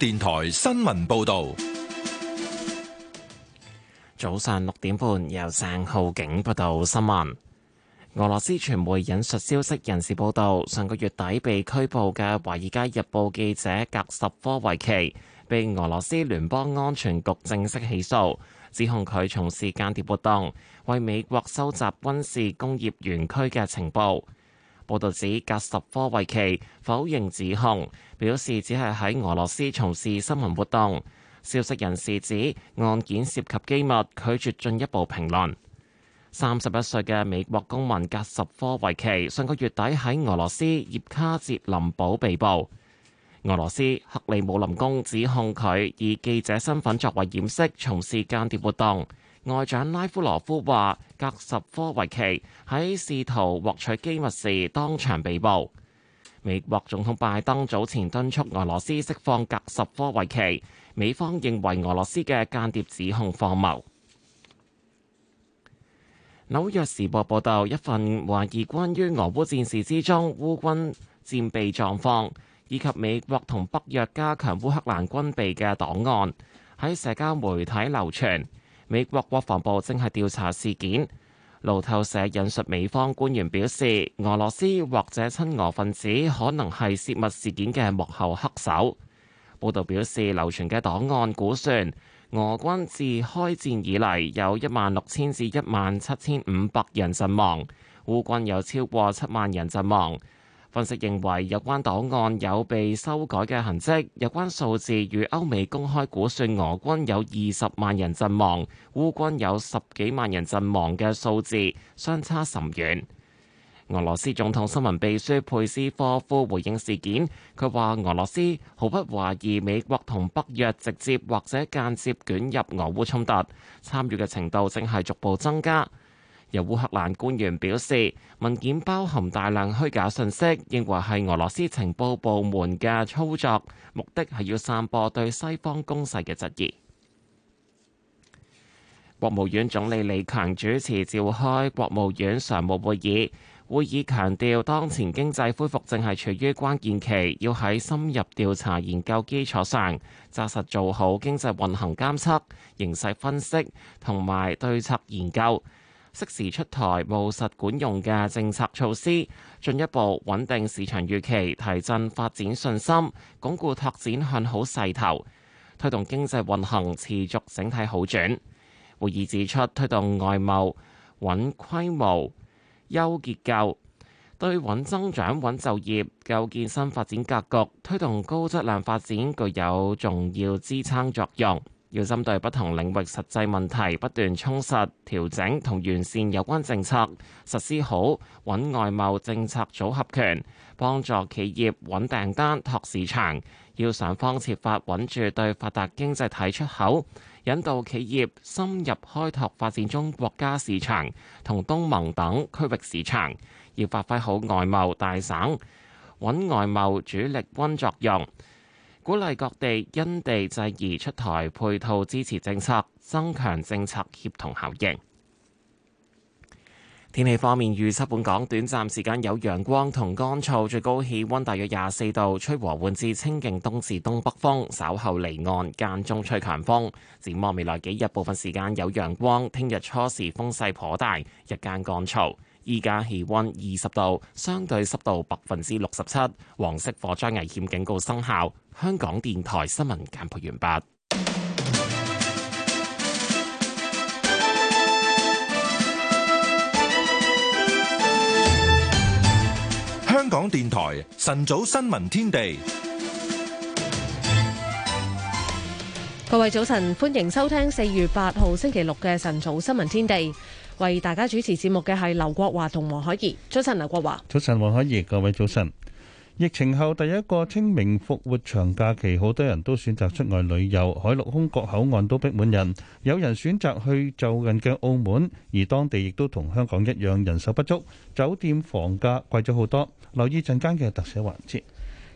電台新聞報道，早上六點半由鄭浩景報道新聞。俄羅斯傳媒引述消息人士報道，上個月底被拘捕嘅《華爾街日報》記者格什科維奇，被俄羅斯聯邦安全局正式起訴，指控佢從事間諜活動，為美國收集軍事工業園區嘅情報。報道指格什科維奇否認指控，表示只係喺俄羅斯從事新聞活動。消息人士指案件涉及機密，拒絕進一步評論。三十一歲嘅美國公民格什科維奇上個月底喺俄羅斯葉卡捷林堡被捕。俄羅斯克里姆林宮指控佢以記者身份作為掩飾，從事間諜活動。外長拉夫羅夫話：格什科維奇喺試圖獲取機密時當場被捕。美國總統拜登早前敦促俄羅斯釋放格什科維奇，美方認為俄羅斯嘅間諜指控荒謬。紐約時報報導，一份懷疑關於俄烏戰事之中烏軍戰備狀況，以及美國同北約加強烏克蘭軍備嘅檔案喺社交媒體流傳。美國國防部正係調查事件。路透社引述美方官員表示，俄羅斯或者親俄分子可能係泄密事件嘅幕後黑手。報導表示，流傳嘅檔案估算，俄軍自開戰以嚟有一萬六千至一萬七千五百人陣亡，烏軍有超過七萬人陣亡。分析認為有關檔案有被修改嘅痕跡，有關數字與歐美公開估算俄軍有二十萬人陣亡、烏軍有十幾萬人陣亡嘅數字相差甚遠。俄羅斯總統新聞秘書佩斯科夫回應事件，佢話：俄羅斯毫不懷疑美國同北約直接或者間接捲入俄烏衝突，參與嘅程度正係逐步增加。由烏克蘭官員表示，文件包含大量虛假信息，認為係俄羅斯情報部門嘅操作，目的係要散播對西方攻勢嘅質疑。國務院總理李強主持召開國務院常務會議，會議強調當前經濟恢復正係處於關鍵期，要喺深入調查研究基礎上，紮實做好經濟運行監測、形勢分析同埋對策研究。適時出台務實管用嘅政策措施，進一步穩定市場預期，提振發展信心，鞏固拓展向好勢頭，推動經濟運行持續整體好轉，會議指出，推動外貿穩規模、優結構，對穩增長、穩就業構建新發展格局，推動高質量發展具有重要支撐作用。要針對不同領域實際問題，不斷充實、調整同完善有關政策，實施好穩外貿政策組合拳，幫助企業穩訂單、拓市場。要想方設法穩住對發達經濟體出口，引導企業深入開拓發展中國家市場同東盟等區域市場。要發揮好外貿大省穩外貿主力軍作用。鼓勵各地因地制宜出台配套支持政策，增強政策協同效應。天氣方面，預測本港短暫時間有陽光同乾燥，最高氣溫大約廿四度，吹和緩至清勁東至東北風，稍後離岸間中吹強風。展望未來幾日，部分時間有陽光，聽日初時風勢頗大，日間乾燥。依家氣温二十度，相對濕度百分之六十七，黃色火災危險警告生效。香港電台新聞簡報完畢。香港電台晨早新聞天地，各位早晨，歡迎收聽四月八號星期六嘅晨早新聞天地。為大家主持節目嘅係劉國華同黃海怡。早晨，劉國華。早晨，黃海怡。各位早晨。疫情後第一個清明復活長假期，好多人都選擇出外旅遊，海陸空各口岸都逼滿人。有人選擇去就近嘅澳門，而當地亦都同香港一樣人手不足，酒店房價貴咗好多。留意陣間嘅特寫環節。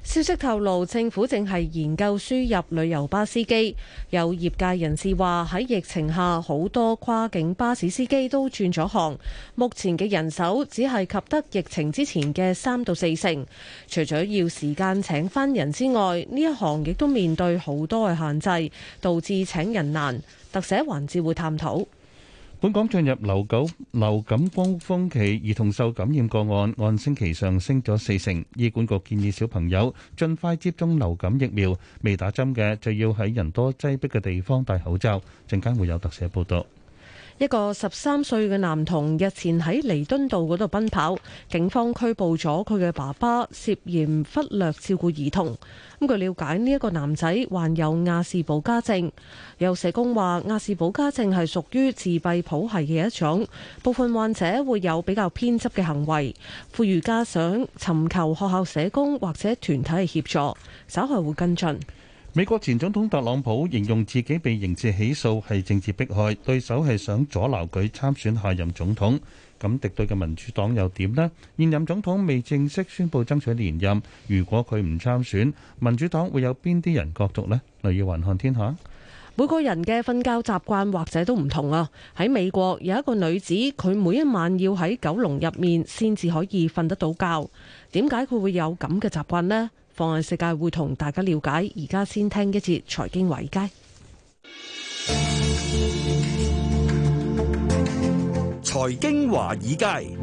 消息透露，政府正係研究輸入旅遊巴司機，有業界人士話喺疫情下，好多跨境巴士司機都轉咗行。目前嘅人手只係及得疫情之前嘅三到四成。除咗要時間請翻人之外，呢一行亦都面對好多嘅限制，導致請人難，特寫環節會探討。本港進入流感流感高峯期，兒童受感染個案按星期上升咗四成。醫管局建議小朋友盡快接種流感疫苗，未打針嘅就要喺人多擠迫嘅地方戴口罩。陣間會有特寫報導。一個十三歲嘅男童日前喺彌敦道嗰度奔跑，警方拘捕咗佢嘅爸爸，涉嫌忽略照顧兒童。咁據了解，呢一個男仔患有亞氏保家症。有社工話，亞氏保家症係屬於自閉譜系嘅一種，部分患者會有比較偏執嘅行為，呼籲家長尋求學校社工或者團體嘅協助，稍後會跟進。美國前總統特朗普形容自己被刑事起訴係政治迫害，對手係想阻撓佢參選下任總統。咁敵對嘅民主黨又點呢？現任總統未正式宣布爭取連任，如果佢唔參選，民主黨會有邊啲人角逐呢？例如環看天下，每個人嘅瞓覺習慣或者都唔同啊。喺美國有一個女子，佢每一晚要喺九龍入面先至可以瞓得到覺。點解佢會有咁嘅習慣呢？放眼世界，會同大家了解。而家先聽一節財經華爾街。財經華爾街，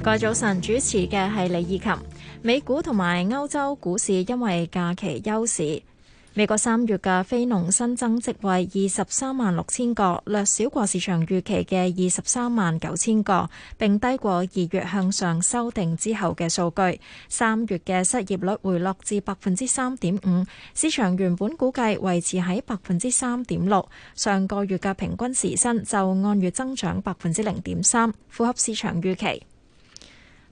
各位早晨主持嘅係李義琴。美股同埋歐洲股市因為假期休市。美國三月嘅非農新增職位二十三萬六千個，略少過市場預期嘅二十三萬九千個，並低過二月向上修訂之後嘅數據。三月嘅失業率回落至百分之三點五，市場原本估計維持喺百分之三點六。上個月嘅平均時薪就按月增長百分之零點三，符合市場預期。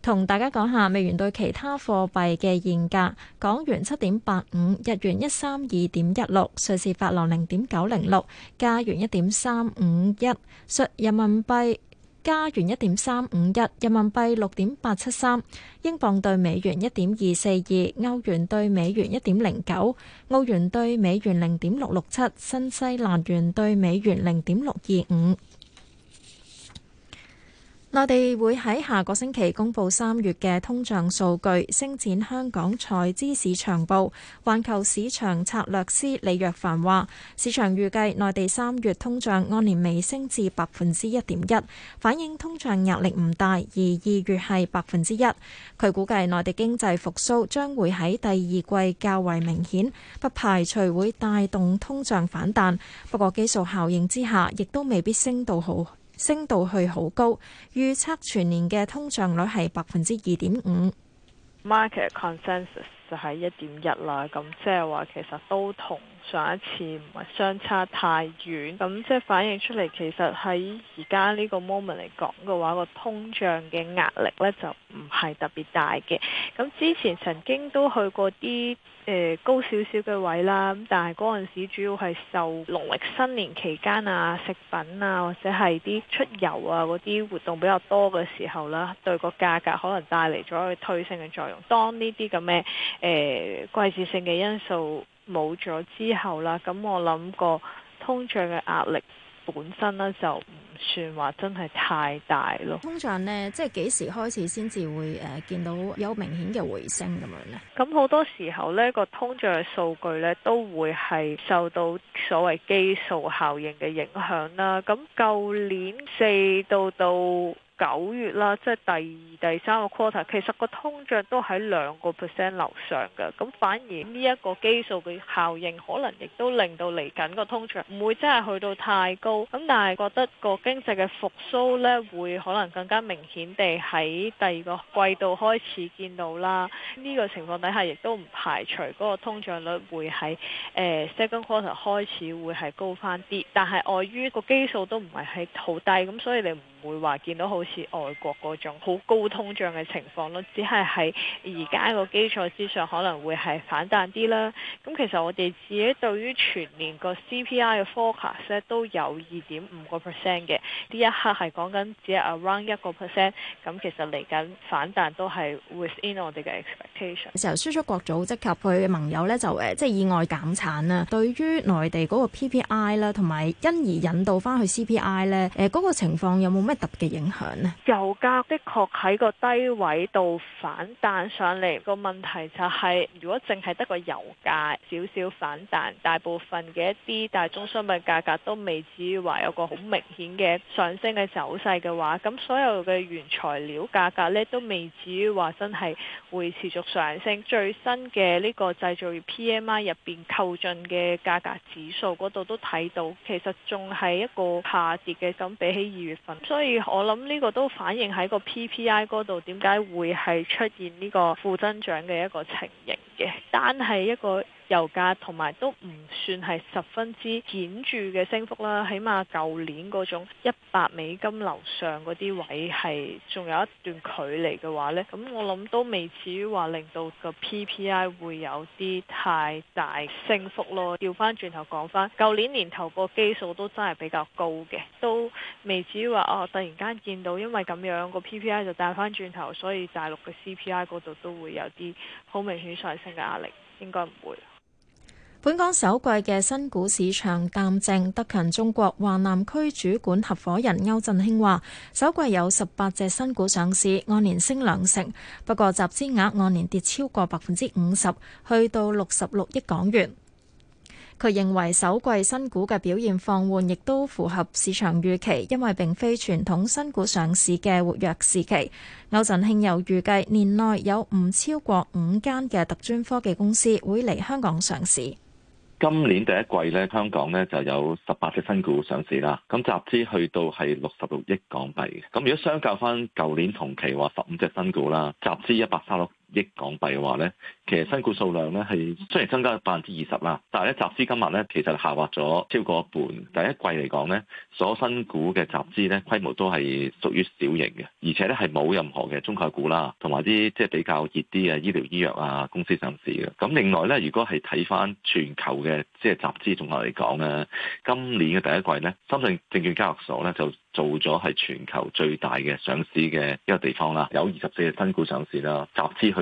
同大家講下美元對其他貨幣嘅現價：港元七點八五，日元一三二點一六，瑞士法郎零點九零六，加元一點三五一，率人民幣加元一點三五一，人民幣六點八七三，英鎊對美元一點二四二，歐元對美元一點零九，澳元對美元零點六六七，新西蘭元對美元零點六二五。內地會喺下個星期公布三月嘅通脹數據，星展香港財資市場部，環球市場策略師李若凡話：市場預計內地三月通脹按年微升至百分之一點一，反映通脹壓力唔大，而二月係百分之一。佢估計內地經濟復甦將會喺第二季較為明顯，不排除會帶動通脹反彈，不過基數效應之下，亦都未必升到好。升到去好高，預測全年嘅通脹率係百分之二點五。Market consensus 1. 1, 就係一點一啦，咁即係話其實都同。上一次唔係相差太遠，咁即係反映出嚟，其實喺而家呢個 moment 嚟講嘅話，個通脹嘅壓力呢就唔係特別大嘅。咁之前曾經都去過啲誒、呃、高少少嘅位啦，咁但係嗰陣時主要係受農曆新年期間啊、食品啊或者係啲出遊啊嗰啲活動比較多嘅時候啦、啊，對個價格可能帶嚟咗一個推升嘅作用。當呢啲咁嘅誒季節性嘅因素冇咗之後啦，咁我諗個通脹嘅壓力本身呢，就唔算話真係太大咯。通脹呢，即係幾時開始先至會誒、呃、見到有明顯嘅回升咁樣呢？咁好多時候呢，個通脹嘅數據呢，都會係受到所謂基數效應嘅影響啦。咁舊年四到到九月啦，即係第二、第三個 quarter，其實個通脹都喺兩個 percent 樓上嘅。咁反而呢一個基數嘅效應可能亦都令到嚟緊個通脹唔會真係去到太高。咁但係覺得個經濟嘅復蘇咧，會可能更加明顯地喺第二個季度開始見到啦。呢個情況底下，亦都唔排除嗰個通脹率會喺誒、呃、second quarter 開始會係高翻啲。但係礙於個基數都唔係係好低，咁所以你唔會話見到好似外國嗰種好高通脹嘅情況咯，只係喺而家個基礎之上可能會係反彈啲啦。咁其實我哋自己對於全年個 CPI 嘅 forecast 咧都有二點五個 percent 嘅，呢一刻係講緊只係 around 一個 percent，咁其實嚟緊反彈都係 within 我哋嘅 expectation。石油輸出國組織及佢嘅盟友呢，就誒即係意外減產啊，對於內地嗰個 PPI 啦，同埋因而引導翻去 CPI 呢，誒嗰個情況有冇咩？咩特嘅影響呢，油價的確喺個低位度反彈上嚟，個問題就係、是，如果淨係得個油價少少反彈，大部分嘅一啲大宗商品價格都未至於話有個好明顯嘅上升嘅走勢嘅話，咁所有嘅原材料價格咧都未至於話真係會持續上升。最新嘅呢個製造業 PMI 入邊購進嘅價格指數嗰度都睇到，其實仲係一個下跌嘅咁，比起二月份，所以。所以我諗呢個都反映喺個 PPI 嗰度，點解會係出現呢個負增長嘅一個情形嘅，單係一個。油價同埋都唔算係十分之顯著嘅升幅啦，起碼舊年嗰種一百美金樓上嗰啲位係仲有一段距離嘅話咧，咁我諗都未至於話令到個 PPI 會有啲太大升幅咯。調翻轉頭講翻，舊年年頭個基數都真係比較高嘅，都未至於話哦，突然間見到因為咁樣個 PPI 就掉翻轉頭，所以大陸嘅 CPI 嗰度都會有啲好明顯上升嘅壓力，應該唔會。本港首季嘅新股市場淡靜，德勤中國華南區主管合伙人歐振興話：首季有十八隻新股上市，按年升兩成，不過集資額按年跌超過百分之五十，去到六十六億港元。佢認為首季新股嘅表現放緩，亦都符合市場預期，因為並非傳統新股上市嘅活躍時期。歐振興又預計年內有唔超過五間嘅特專科技公司會嚟香港上市。今年第一季咧，香港咧就有十八隻新股上市啦，咁集資去到係六十六億港幣。咁如果相較翻舊年同期話十五隻新股啦，集資一百三十六億港幣嘅話咧，其實新股數量咧係雖然增加咗百分之二十啦，但係咧集資金額咧其實下滑咗超過一半。第一季嚟講咧，所新股嘅集資咧規模都係屬於小型嘅，而且咧係冇任何嘅中概股啦，同埋啲即係比較熱啲嘅醫療醫藥啊公司上市嘅。咁另外咧，如果係睇返全球嘅即係集資總額嚟講咧，今年嘅第一季咧，深圳證券交易所咧就做咗係全球最大嘅上市嘅一個地方啦，有二十四隻新股上市啦，集資去。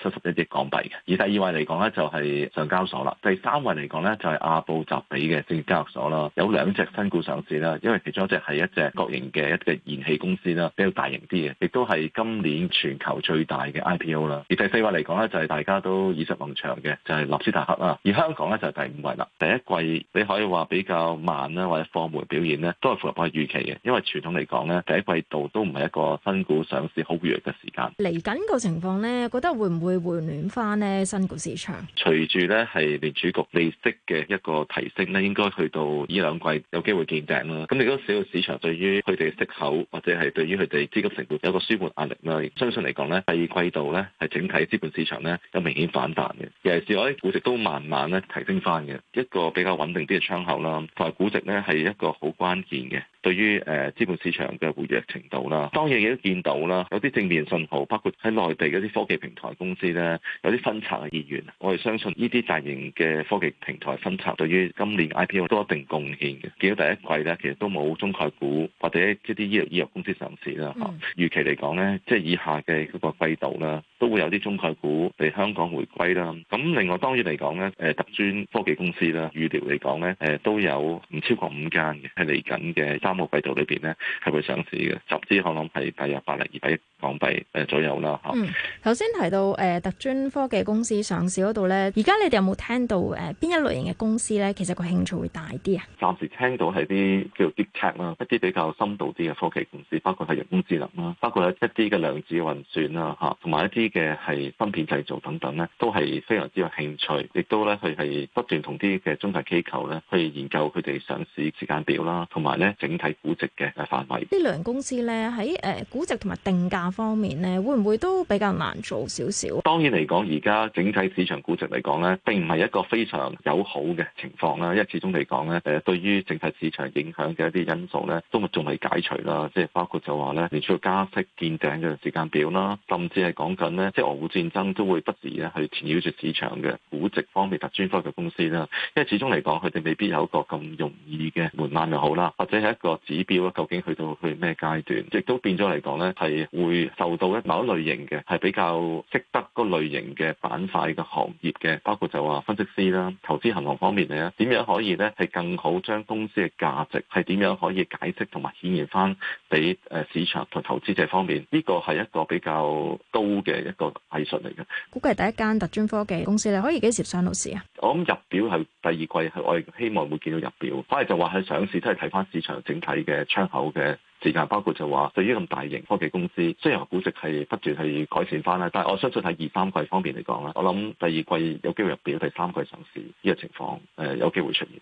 七十一億港幣嘅，而第二位嚟講咧就係上交所啦，第三位嚟講咧就係阿布扎比嘅證交所啦，有兩隻新股上市啦，因為其中一隻係一隻國營嘅一隻燃氣公司啦，比較大型啲嘅，亦都係今年全球最大嘅 IPO 啦。而第四位嚟講咧就係大家都耳熟能詳嘅，就係納斯達克啦。而香港咧就係第五位啦。第一季你可以話比較慢啦，或者放緩表現咧，都係符合我預期嘅，因為傳統嚟講咧第一季度都唔係一個新股上市好活躍嘅時間。嚟緊個情況咧，覺得會唔？會回暖翻呢新股市場，隨住咧係聯儲局利息嘅一個提升咧，應該去到呢兩季有機會見頂啦。咁你嗰個小股市場對於佢哋嘅息口或者係對於佢哋資金成本有一個舒緩壓力啦，相信嚟講咧第二季度咧係整體資本市場咧有明顯反彈嘅，尤其是我啲股值都慢慢咧提升翻嘅一個比較穩定啲嘅窗口啦。同埋估值咧係一個好關鍵嘅，對於誒資本市場嘅活躍程度啦。當然亦都見到啦，有啲正面信號，包括喺內地嗰啲科技平台公公司咧有啲分拆嘅意願，我哋相信呢啲大型嘅科技平台分拆，對於今年 IPO 都一定貢獻嘅。見到第一季咧，其實都冇中概股或者即啲醫藥醫藥公司上市啦。嗬，預期嚟講咧，即係以下嘅嗰個季度啦，都會有啲中概股嚟香港回歸啦。咁另外當然嚟講咧，誒特專科技公司啦，預料嚟講咧，誒都有唔超過五間嘅係嚟緊嘅三個季度裏邊咧係會上市嘅，集資可能係大約百零二百億港幣誒左右啦。嚇，頭先提到。誒、呃、特專科技公司上市嗰度咧，而家你哋有冇聽到誒邊、呃、一類型嘅公司咧？其實個興趣會大啲啊？暫時聽到係啲叫做 deep tech 啦，ack, 一啲比較深度啲嘅科技公司，包括係人工智能啦，包括一啲嘅量子運算啦，嚇、啊，同埋一啲嘅係芯片製造等等咧，都係非常之有興趣，亦都咧佢係不斷同啲嘅中介機構咧去研究佢哋上市時間表啦，同埋咧整體估值嘅範圍。呢兩公司咧喺誒估值同埋定價方面咧，會唔會都比較難做少少？當然嚟講，而家整體市場估值嚟講咧，並唔係一個非常友好嘅情況啦。因為始終嚟講咧，誒對於整體市場影響嘅一啲因素咧，都仲未解除啦。即係包括就話咧，連住加息見頂嘅時間表啦，甚至係講緊咧，即係俄烏戰爭都會不時咧去纏繞住市場嘅估值方面特專科嘅公司啦。因為始終嚟講，佢哋未必有一個咁容易嘅門檻又好啦，或者係一個指標啦，究竟去到去咩階段，亦都變咗嚟講咧，係會受到某一某類型嘅係比較識得。個類型嘅板塊嘅行業嘅，包括就話分析師啦、投資銀行方面嚟啦，點樣可以咧係更好將公司嘅價值係點樣可以解釋同埋顯現翻俾誒市場同投資者方面，呢個係一個比較高嘅一個藝術嚟嘅。估計係第一間特專科技公司咧，可以幾時上到市啊？我諗入表係第二季，我哋希望會見到入表。反而就話佢上市都係睇翻市場整體嘅窗口嘅。時間包括就話對於咁大型科技公司，雖然估值係不斷係改善翻啦，但係我相信喺二三季方面嚟講咧，我諗第二季有機會入表，第三季上市呢個情況誒有機會出現。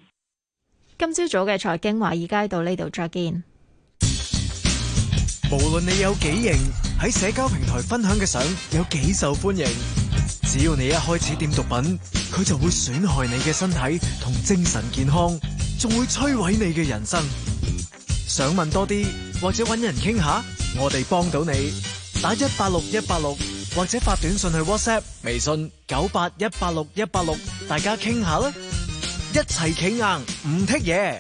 今朝早嘅財經華爾街到呢度再見。無論你有幾型喺社交平台分享嘅相有幾受歡迎，只要你一開始掂毒品，佢就會損害你嘅身體同精神健康，仲會摧毀你嘅人生。想問多啲，或者搵人傾下，我哋幫到你。打一八六一八六，或者發短信去 WhatsApp、微信九八一八六一八六，大家傾下啦，一齊企硬，唔踢嘢。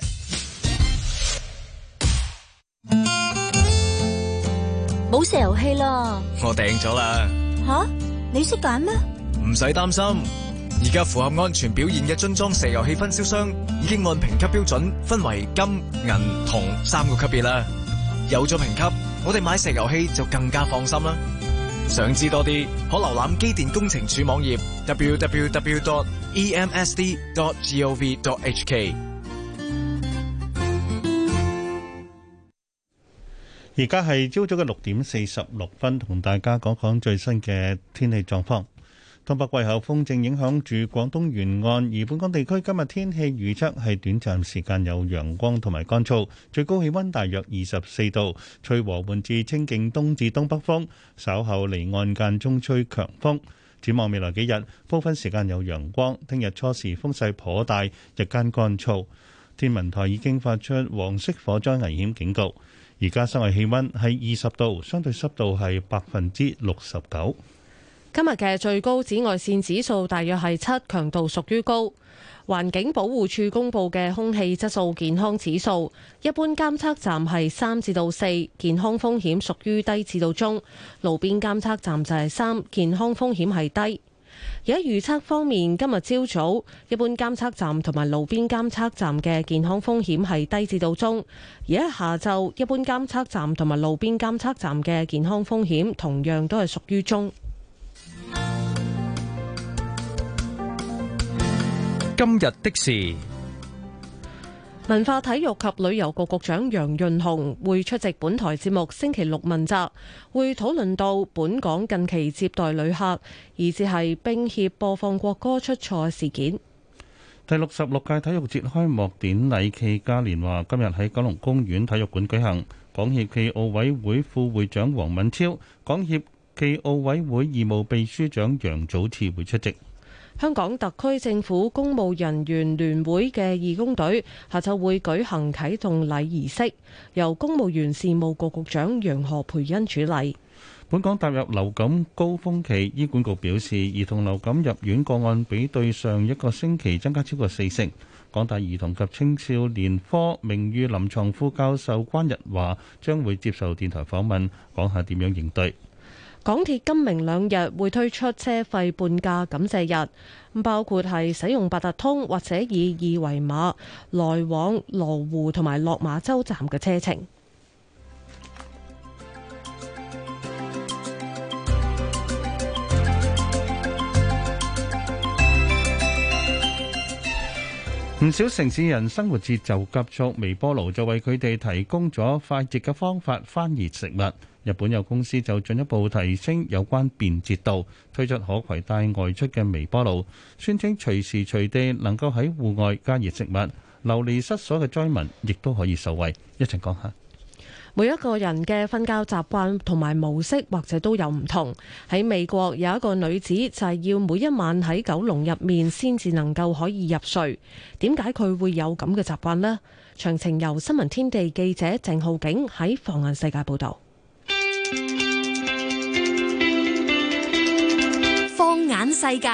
冇石油氣啦，我訂咗啦。吓，你識揀咩？唔使擔心。而家符合安全表現嘅樽裝石油氣分銷商已經按評級標準分為金、銀、銅三個級別啦。有咗評級，我哋買石油氣就更加放心啦。想知多啲，可瀏覽機電工程署網頁 www.emsd.gov.hk。而家係朝早嘅六點四十六分，同大家講講最新嘅天氣狀況。東北季候風正影響住廣東沿岸，而本港地區今日天，天氣預測係短暫時間有陽光同埋乾燥，最高氣温大約二十四度，吹和緩至清勁東至東北風，稍後離岸間中吹強風。展望未來幾日，部分時間有陽光，聽日初時風勢頗大，日間乾燥。天文台已經發出黃色火災危險警告。而家室外氣温係二十度，相對濕度係百分之六十九。今日嘅最高紫外線指數大約係七，強度屬於高。環境保護署公布嘅空氣質素健康指數，一般監測站係三至到四，健康風險屬於低至到中。路邊監測站就係三，健康風險係低。而喺預測方面，今日朝早一般監測站同埋路邊監測站嘅健康風險係低至到中，而喺下晝一般監測站同埋路邊監測站嘅健康風險同樣都係屬於中。今日的事，文化體育及旅遊局局長楊潤雄會出席本台節目星期六問責會討論到本港近期接待旅客，以至係冰協播放國歌出錯事件。第六十六屆體育節開幕典禮暨嘉年華今日喺九龍公園體育館舉行，港協暨奧委會副會長黃敏超、港協暨奧委會義務秘書長楊祖熾會出席。香港特區政府公務人員聯會嘅義工隊下晝會舉行啟動禮儀式，由公務員事務局局長楊何培恩主禮。本港踏入流感高峰期，醫管局表示，兒童流感入院個案比對上一個星期增加超過四成。港大兒童及青少年科名譽臨床副教授關日華將會接受電台訪問，講下點樣應對。港鐵今明兩日會推出車費半價感謝日，包括係使用八達通或者以二維碼來往羅湖同埋落馬洲站嘅車程。唔少城市人生活節奏急速，微波爐就為佢哋提供咗快捷嘅方法，翻熱食物。日本有公司就進一步提升有關便捷度，推出可攜帶外出嘅微波爐，宣稱隨時隨地能夠喺戶外加熱食物。流離失所嘅災民亦都可以受惠。一陣講下，每一個人嘅瞓覺習慣同埋模式或者都有唔同。喺美國有一個女子就係要每一晚喺狗籠入面先至能夠可以入睡。點解佢會有咁嘅習慣呢？詳情由新聞天地記者鄭浩景喺放眼世界報道。放眼世界，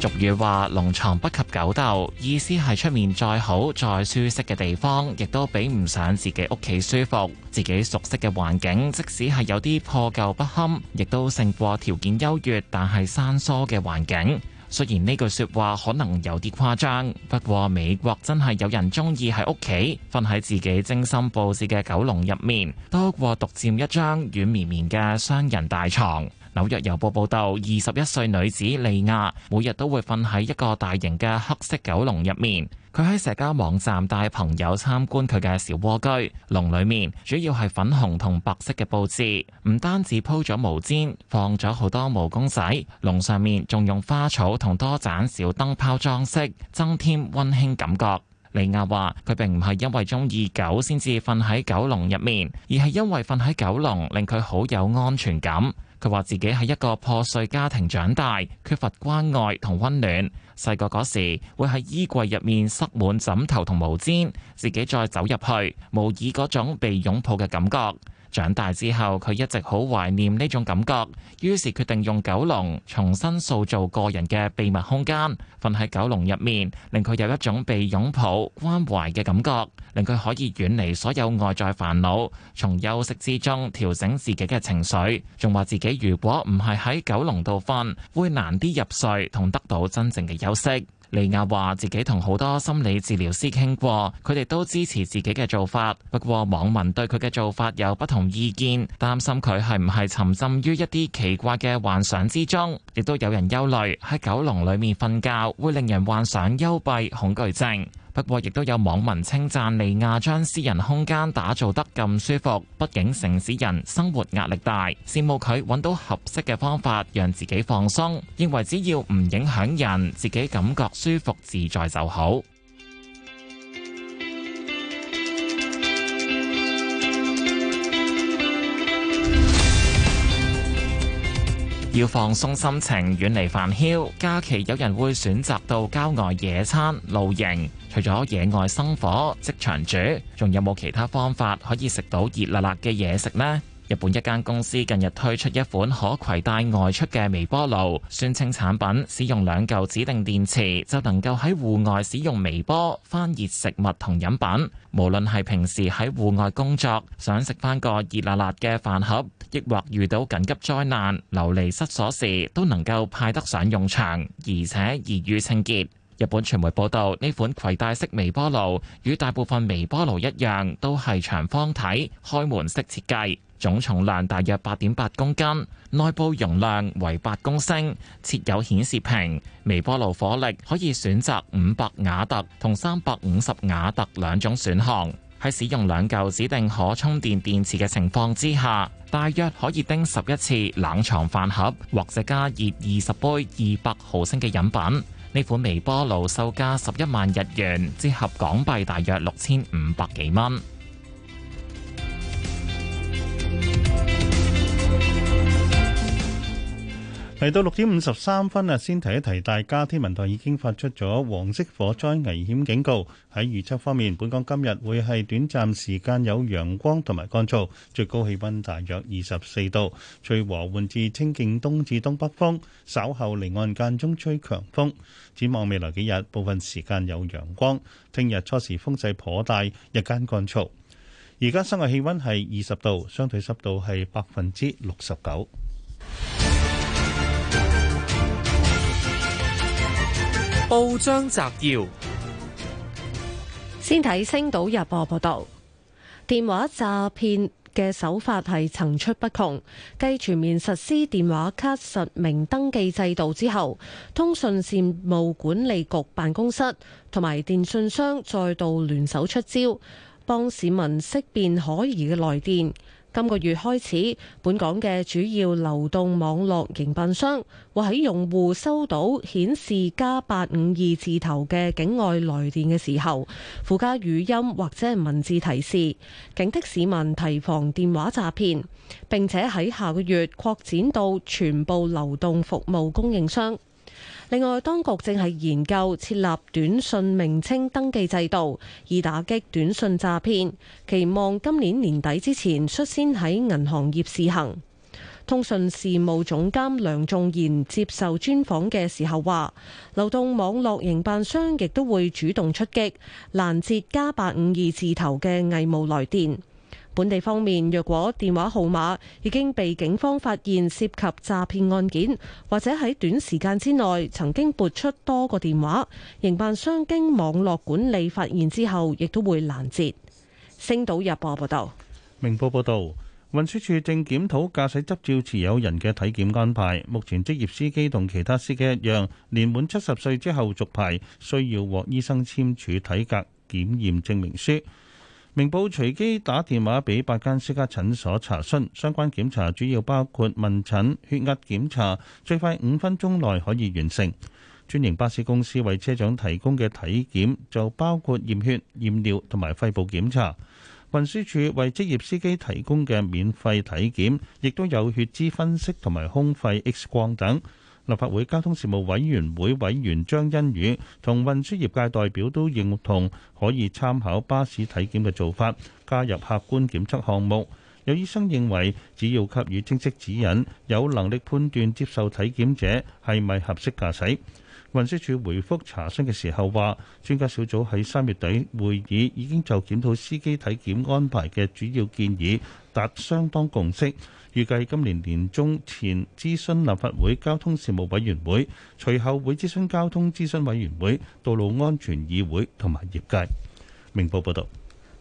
俗語話龍床不及狗竇，意思係出面再好、再舒適嘅地方，亦都比唔上自己屋企舒服、自己熟悉嘅環境。即使係有啲破舊不堪，亦都勝過條件優越，但係生疏嘅環境。雖然呢句說話可能有啲誇張，不過美國真係有人鍾意喺屋企瞓喺自己精心佈置嘅狗籠入面，多過獨占一張軟綿綿嘅雙人大床。紐約郵報報道，二十一歲女子莉亞每日都會瞓喺一個大型嘅黑色狗籠入面。佢喺社交網站帶朋友參觀佢嘅小窩居籠，籠裡面主要係粉紅同白色嘅佈置，唔單止鋪咗毛氈，放咗好多毛公仔，籠上面仲用花草同多盞小燈泡裝飾，增添温馨感覺。李亞話：佢並唔係因為中意狗先至瞓喺狗籠入面，而係因為瞓喺狗籠令佢好有安全感。佢話自己喺一個破碎家庭長大，缺乏關愛同温暖。細個嗰時會喺衣櫃入面塞滿枕頭同毛氈，自己再走入去，模擬嗰種被擁抱嘅感覺。長大之後，佢一直好懷念呢種感覺，於是決定用狗籠重新塑造個人嘅秘密空間，瞓喺狗籠入面，令佢有一種被擁抱、關懷嘅感覺，令佢可以遠離所有外在煩惱，從休息之中調整自己嘅情緒。仲話自己如果唔係喺狗籠度瞓，會難啲入睡同得到真正嘅休息。利亞話自己同好多心理治療師傾過，佢哋都支持自己嘅做法。不過網民對佢嘅做法有不同意見，擔心佢係唔係沉浸於一啲奇怪嘅幻想之中，亦都有人憂慮喺狗籠裡面瞓覺會令人幻想幽閉恐懼症。不過，亦都有網民稱讚利亞將私人空間打造得咁舒服，畢竟城市人生活壓力大，羨慕佢揾到合適嘅方法讓自己放鬆，認為只要唔影響人，自己感覺舒服自在就好。要放鬆心情，遠離煩囂。假期有人會選擇到郊外野餐、露營。除咗野外生火、即場煮，仲有冇其他方法可以食到熱辣辣嘅嘢食呢？日本一間公司近日推出一款可攜帶外出嘅微波爐，宣稱產品使用兩嚿指定電池就能夠喺戶外使用微波翻熱食物同飲品。無論係平時喺戶外工作想食翻個熱辣辣嘅飯盒，抑或遇到緊急災難流離失所時，都能夠派得上用場，而且易於清潔。日本傳媒報道，呢款攜帶式微波爐與大部分微波爐一樣，都係長方體開門式設計，總重量大約八點八公斤，內部容量為八公升，設有顯示屏。微波爐火力可以選擇五百瓦特同三百五十瓦特兩種選項。喺使用兩嚿指定可充電電池嘅情況之下，大約可以叮十一次冷藏飯盒，或者加熱二十杯二百毫升嘅飲品。呢款微波爐售價十一萬日元，折合港幣大約六千五百幾蚊。嚟到六點五十三分啊，先提一提大家，天文台已經發出咗黃色火災危險警告。喺預測方面，本港今日會係短暫時間有陽光同埋乾燥，最高氣温大約二十四度，最和緩至清勁東至東北風，稍後離岸間中吹強風。展望未來幾日，部分時間有陽光，聽日初時風勢頗大，日間乾燥。而家室外氣温係二十度，相對濕度係百分之六十九。報章摘要，先睇《星島日報》報道，電話詐騙嘅手法係層出不窮。繼全面實施電話卡實名登記制度之後，通訊事務管理局辦公室同埋電信商再度聯手出招，幫市民識辨可疑嘅來電。今個月開始，本港嘅主要流動網絡營辦商會喺用戶收到顯示加八五二字頭嘅境外來電嘅時候，附加語音或者文字提示，警惕市民提防電話詐騙，並且喺下個月擴展到全部流動服務供應商。另外，當局正係研究設立短訊名稱登記制度，以打擊短訊詐騙，期望今年年底之前率先喺銀行業試行。通訊事務總監梁仲賢接受專訪嘅時候話，流動網絡營辦商亦都會主動出擊，攔截加八五二字頭嘅偽冒來電。本地方面，若果電話號碼已經被警方發現涉及詐騙案件，或者喺短時間之內曾經撥出多個電話，營辦商經網絡管理發現之後亦都會攔截。星島日報報道，明報報道，運輸處正檢討駕駛執照持、持有人嘅體檢安排。目前，職業司機同其他司機一樣，年滿七十歲之後續牌需要獲醫生簽署體格檢驗證明書。明報隨機打電話俾八間私家診所查詢相關檢查，主要包括問診、血壓檢查，最快五分鐘內可以完成。專營巴士公司為車長提供嘅體檢就包括驗血、驗尿同埋肺部檢查。運輸處為職業司機提供嘅免費體檢，亦都有血脂分析同埋空肺 X 光等。立法會交通事務委員會委員張欣宇同運輸業界代表都認同可以參考巴士體檢嘅做法，加入客觀檢測項目。有醫生認為，只要給予清晰指引，有能力判斷接受體檢者係咪合適駕駛。運輸署回覆查詢嘅時候話，專家小組喺三月底會議已經就檢討司機體檢安排嘅主要建議達相當共識。預計今年年中前諮詢立法會交通事務委員會，隨後會諮詢交通諮詢委員會、道路安全議會同埋業界。明報報道：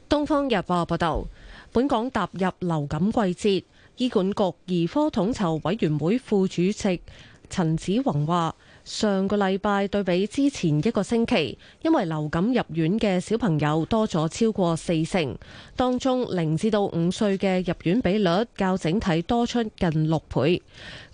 《東方日報》報道：「本港踏入流感季節，醫管局兒科統籌委員會副主席陳子宏話。上個禮拜對比之前一個星期，因為流感入院嘅小朋友多咗超過四成，當中零至到五歲嘅入院比率較整體多出近六倍。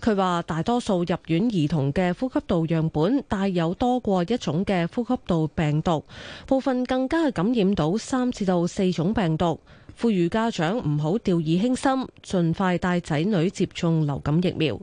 佢話大多數入院兒童嘅呼吸道樣本帶有多過一種嘅呼吸道病毒，部分更加係感染到三至到四種病毒。呼籲家長唔好掉以輕心，盡快帶仔女接種流感疫苗。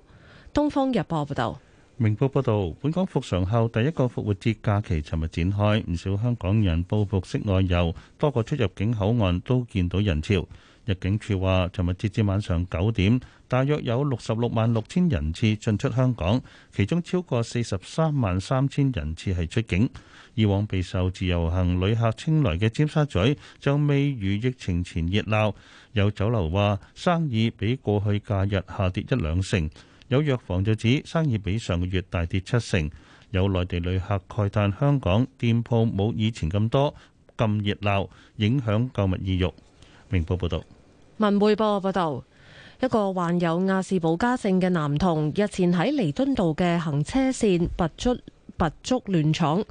東方日報報道。明報報導，本港復常後第一個復活節假期，尋日展開，唔少香港人報復式外遊，多個出入境口岸都見到人潮。入境處話，尋日截至晚上九點，大約有六十六萬六千人次進出香港，其中超過四十三萬三千人次係出境。以往備受自由行旅客青睞嘅尖沙咀就未如疫情前熱鬧，有酒樓話生意比過去假日下跌一兩成。有藥房就指生意比上個月大跌七成，有內地旅客慨嘆但香港店鋪冇以前咁多、咁熱鬧，影響購物意欲。明報報導，文匯報報道，一個患有亞氏保加症嘅男童日前喺彌敦道嘅行車線拔足拔足亂闖，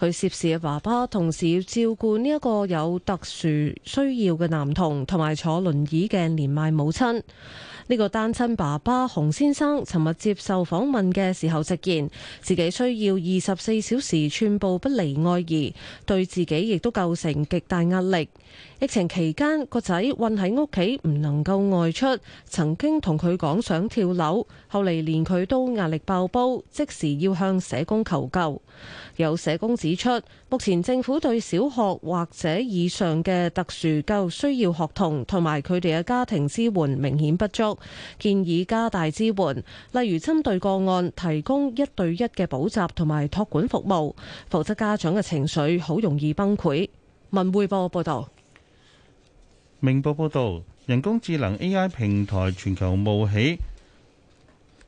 佢涉事嘅爸爸同時要照顧呢一個有特殊需要嘅男童同埋坐輪椅嘅年邁母親。呢個單親爸爸洪先生尋日接受訪問嘅時候直言，自己需要二十四小時寸步不離愛兒，對自己亦都構成極大壓力。疫情期間，個仔困喺屋企唔能夠外出，曾經同佢講想跳樓，後嚟連佢都壓力爆煲，即時要向社工求救。有社工指出，目前政府對小學或者以上嘅特殊教育需要學童同埋佢哋嘅家庭支援明顯不足。建議加大支援，例如針對個案提供一對一嘅補習同埋托管服務，否則家長嘅情緒好容易崩潰。文匯報報道。明報報道，人工智能 AI 平台全球冒起，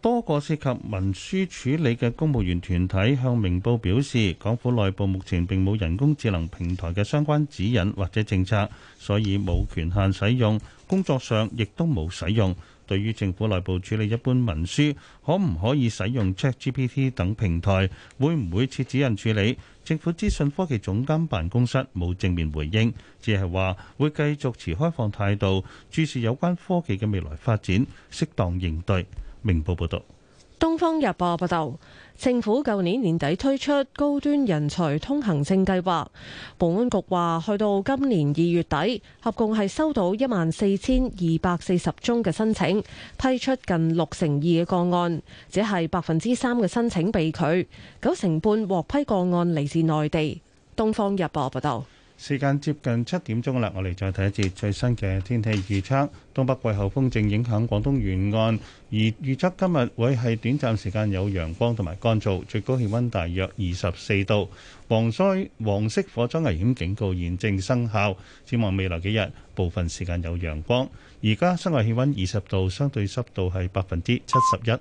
多個涉及文書處理嘅公務員團體向明報表示，港府內部目前並冇人工智能平台嘅相關指引或者政策，所以冇權限使用，工作上亦都冇使用。對於政府內部處理一般文書，可唔可以使用 ChatGPT 等平台？會唔會設指引處理？政府資訊科技總監辦公室冇正面回應，只係話會繼續持開放態度，注視有關科技嘅未來發展，適當應對。明報報道。東方日報報道，政府舊年年底推出高端人才通行證計劃，保安局話去到今年二月底，合共係收到一萬四千二百四十宗嘅申請，批出近六成二嘅個案，只係百分之三嘅申請被拒，九成半獲批個案嚟自內地。東方日報報道。時間接近七點鐘啦，我哋再睇一節最新嘅天氣預測。東北季候風正影響廣東沿岸，而預測今日會係短暫時間有陽光同埋乾燥，最高氣温大約二十四度。黃災黃色火災危險警告現正生效，展望未來幾日部分時間有陽光。而家室外氣温二十度，相對濕度係百分之七十一。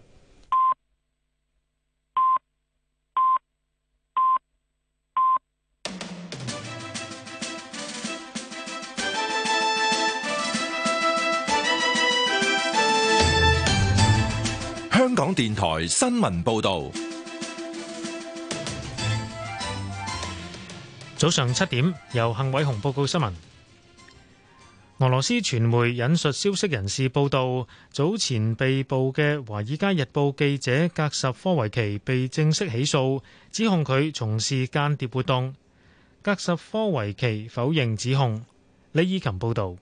香港電台新聞報道，早上七點由幸偉雄報告新聞。俄羅斯傳媒引述消息人士報道，早前被捕嘅《華爾街日報》記者格什科維奇被正式起訴，指控佢從事間諜活動。格什科維奇否認指控。李依琴報道。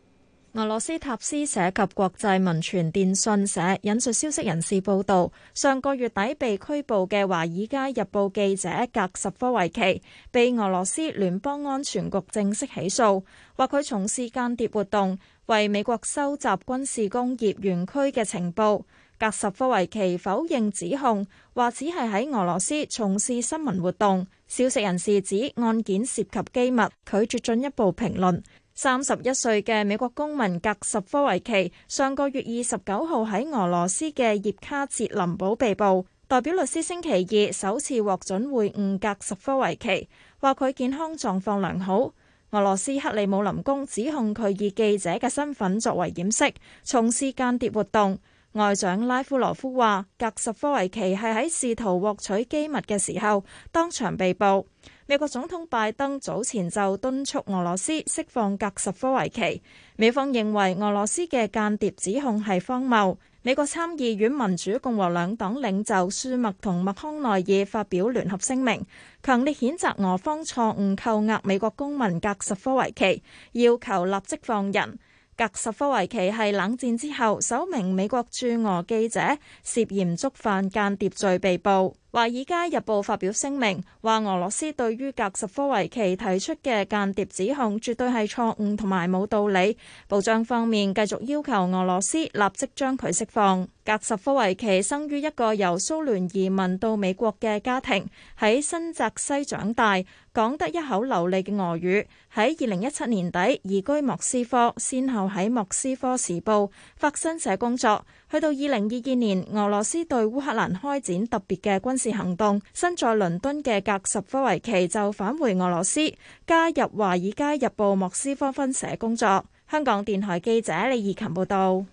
俄羅斯塔斯社及國際文傳電訊社引述消息人士報道，上個月底被拘捕嘅華爾街日報記者格什科維奇，被俄羅斯聯邦安全局正式起訴，話佢從事間諜活動，為美國收集軍事工業園區嘅情報。格什科維奇否認指控，話只係喺俄羅斯從事新聞活動。消息人士指案件涉及機密，拒絕進一步評論。三十一歲嘅美國公民格什科維奇上個月二十九號喺俄羅斯嘅葉卡捷林堡被捕，代表律師星期二首次獲准會晤格什科維奇，話佢健康狀況良好。俄羅斯克里姆林宮指控佢以記者嘅身份作為掩飾，從事間諜活動。外長拉夫羅夫話，格什科維奇係喺試圖獲取機密嘅時候當場被捕。美國總統拜登早前就敦促俄羅斯釋放格什科維奇，美方認為俄羅斯嘅間諜指控係荒謬。美國參議院民主共和兩黨領袖舒默同麥康奈爾發表聯合聲明，強烈譴責俄方錯誤扣押美國公民格什科維奇，要求立即放人。格什科維奇係冷戰之後首名美國駐俄記者涉嫌觸犯間諜罪被捕。《華爾街日報》發表聲明，話俄羅斯對於格什科維奇提出嘅間諜指控絕對係錯誤同埋冇道理。保障方面，繼續要求俄羅斯立即將佢釋放。格什科維奇生於一個由蘇聯移民到美國嘅家庭，喺新澤西長大，講得一口流利嘅俄語，喺二零一七年底移居莫斯科，先後喺莫斯科時報、法新社工作。去到二零二二年，俄羅斯對烏克蘭開展特別嘅軍事行動，身在倫敦嘅格什科維奇就返回俄羅斯，加入華爾街日報莫斯科分社工作。香港電台記者李怡琴報道。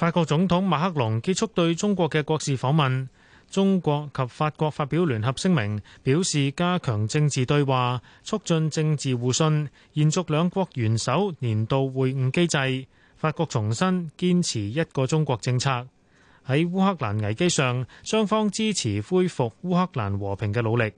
法國總統馬克龍結束對中國嘅國事訪問，中國及法國發表聯合聲明，表示加強政治對話，促進政治互信，延續兩國元首年度會晤機制。法國重申堅持一個中國政策。喺烏克蘭危機上，雙方支持恢復烏克蘭和平嘅努力。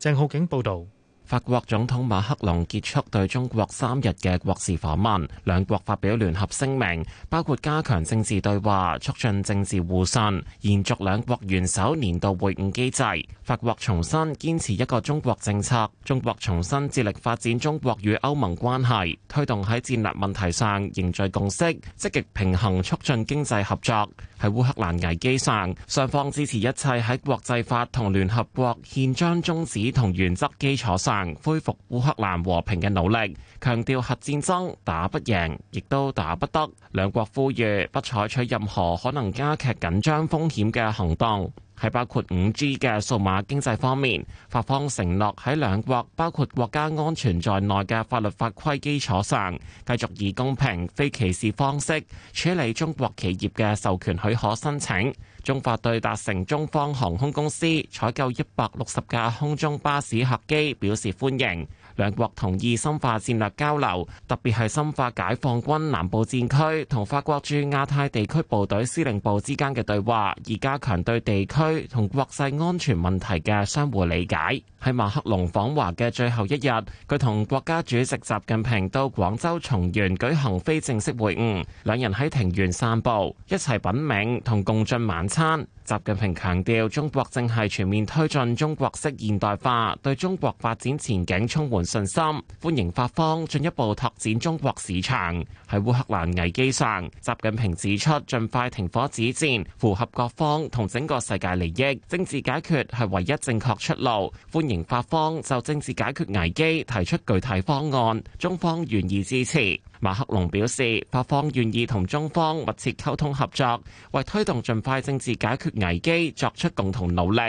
鄭浩景報道。法國總統馬克龍結束對中國三日嘅國事訪問，兩國發表聯合聲明，包括加強政治對話、促進政治互信、延續兩國元首年度會晤機制。法國重申堅持一個中國政策，中國重申致力發展中國與歐盟關係，推動喺戰略問題上凝聚共識，積極平衡促進經濟合作。喺烏克蘭危機上，雙方支持一切喺國際法同聯合國憲章宗旨同原則基礎上恢復烏克蘭和平嘅努力，強調核戰爭打不贏，亦都打不得。兩國呼籲不採取任何可能加劇緊張風險嘅行動。喺包括五 G 嘅數碼經濟方面，法方承諾喺兩國包括國家安全在內嘅法律法規基礎上，繼續以公平、非歧視方式處理中國企業嘅授權許可申請，中法對達成中方航空公司採購一百六十架空中巴士客機表示歡迎。兩國同意深化戰略交流，特別係深化解放軍南部戰區同法國駐亞太地區部隊司令部之間嘅對話，而加強對地區同國際安全問題嘅相互理解。喺馬克龍訪華嘅最後一日，佢同國家主席習近平到廣州松園舉行非正式會晤，兩人喺庭園散步，一齊品茗同共進晚餐。習近平強調，中國正係全面推進中國式現代化，對中國發展前景充滿信心，歡迎法方進一步拓展中國市場。喺烏克蘭危機上，習近平指出，盡快停火止戰符合各方同整個世界利益，政治解決係唯一正確出路。歡迎法方就政治解決危機提出具體方案，中方願意支持。馬克龍表示，法方願意同中方密切溝通合作，為推動盡快政治解決危機作出共同努力。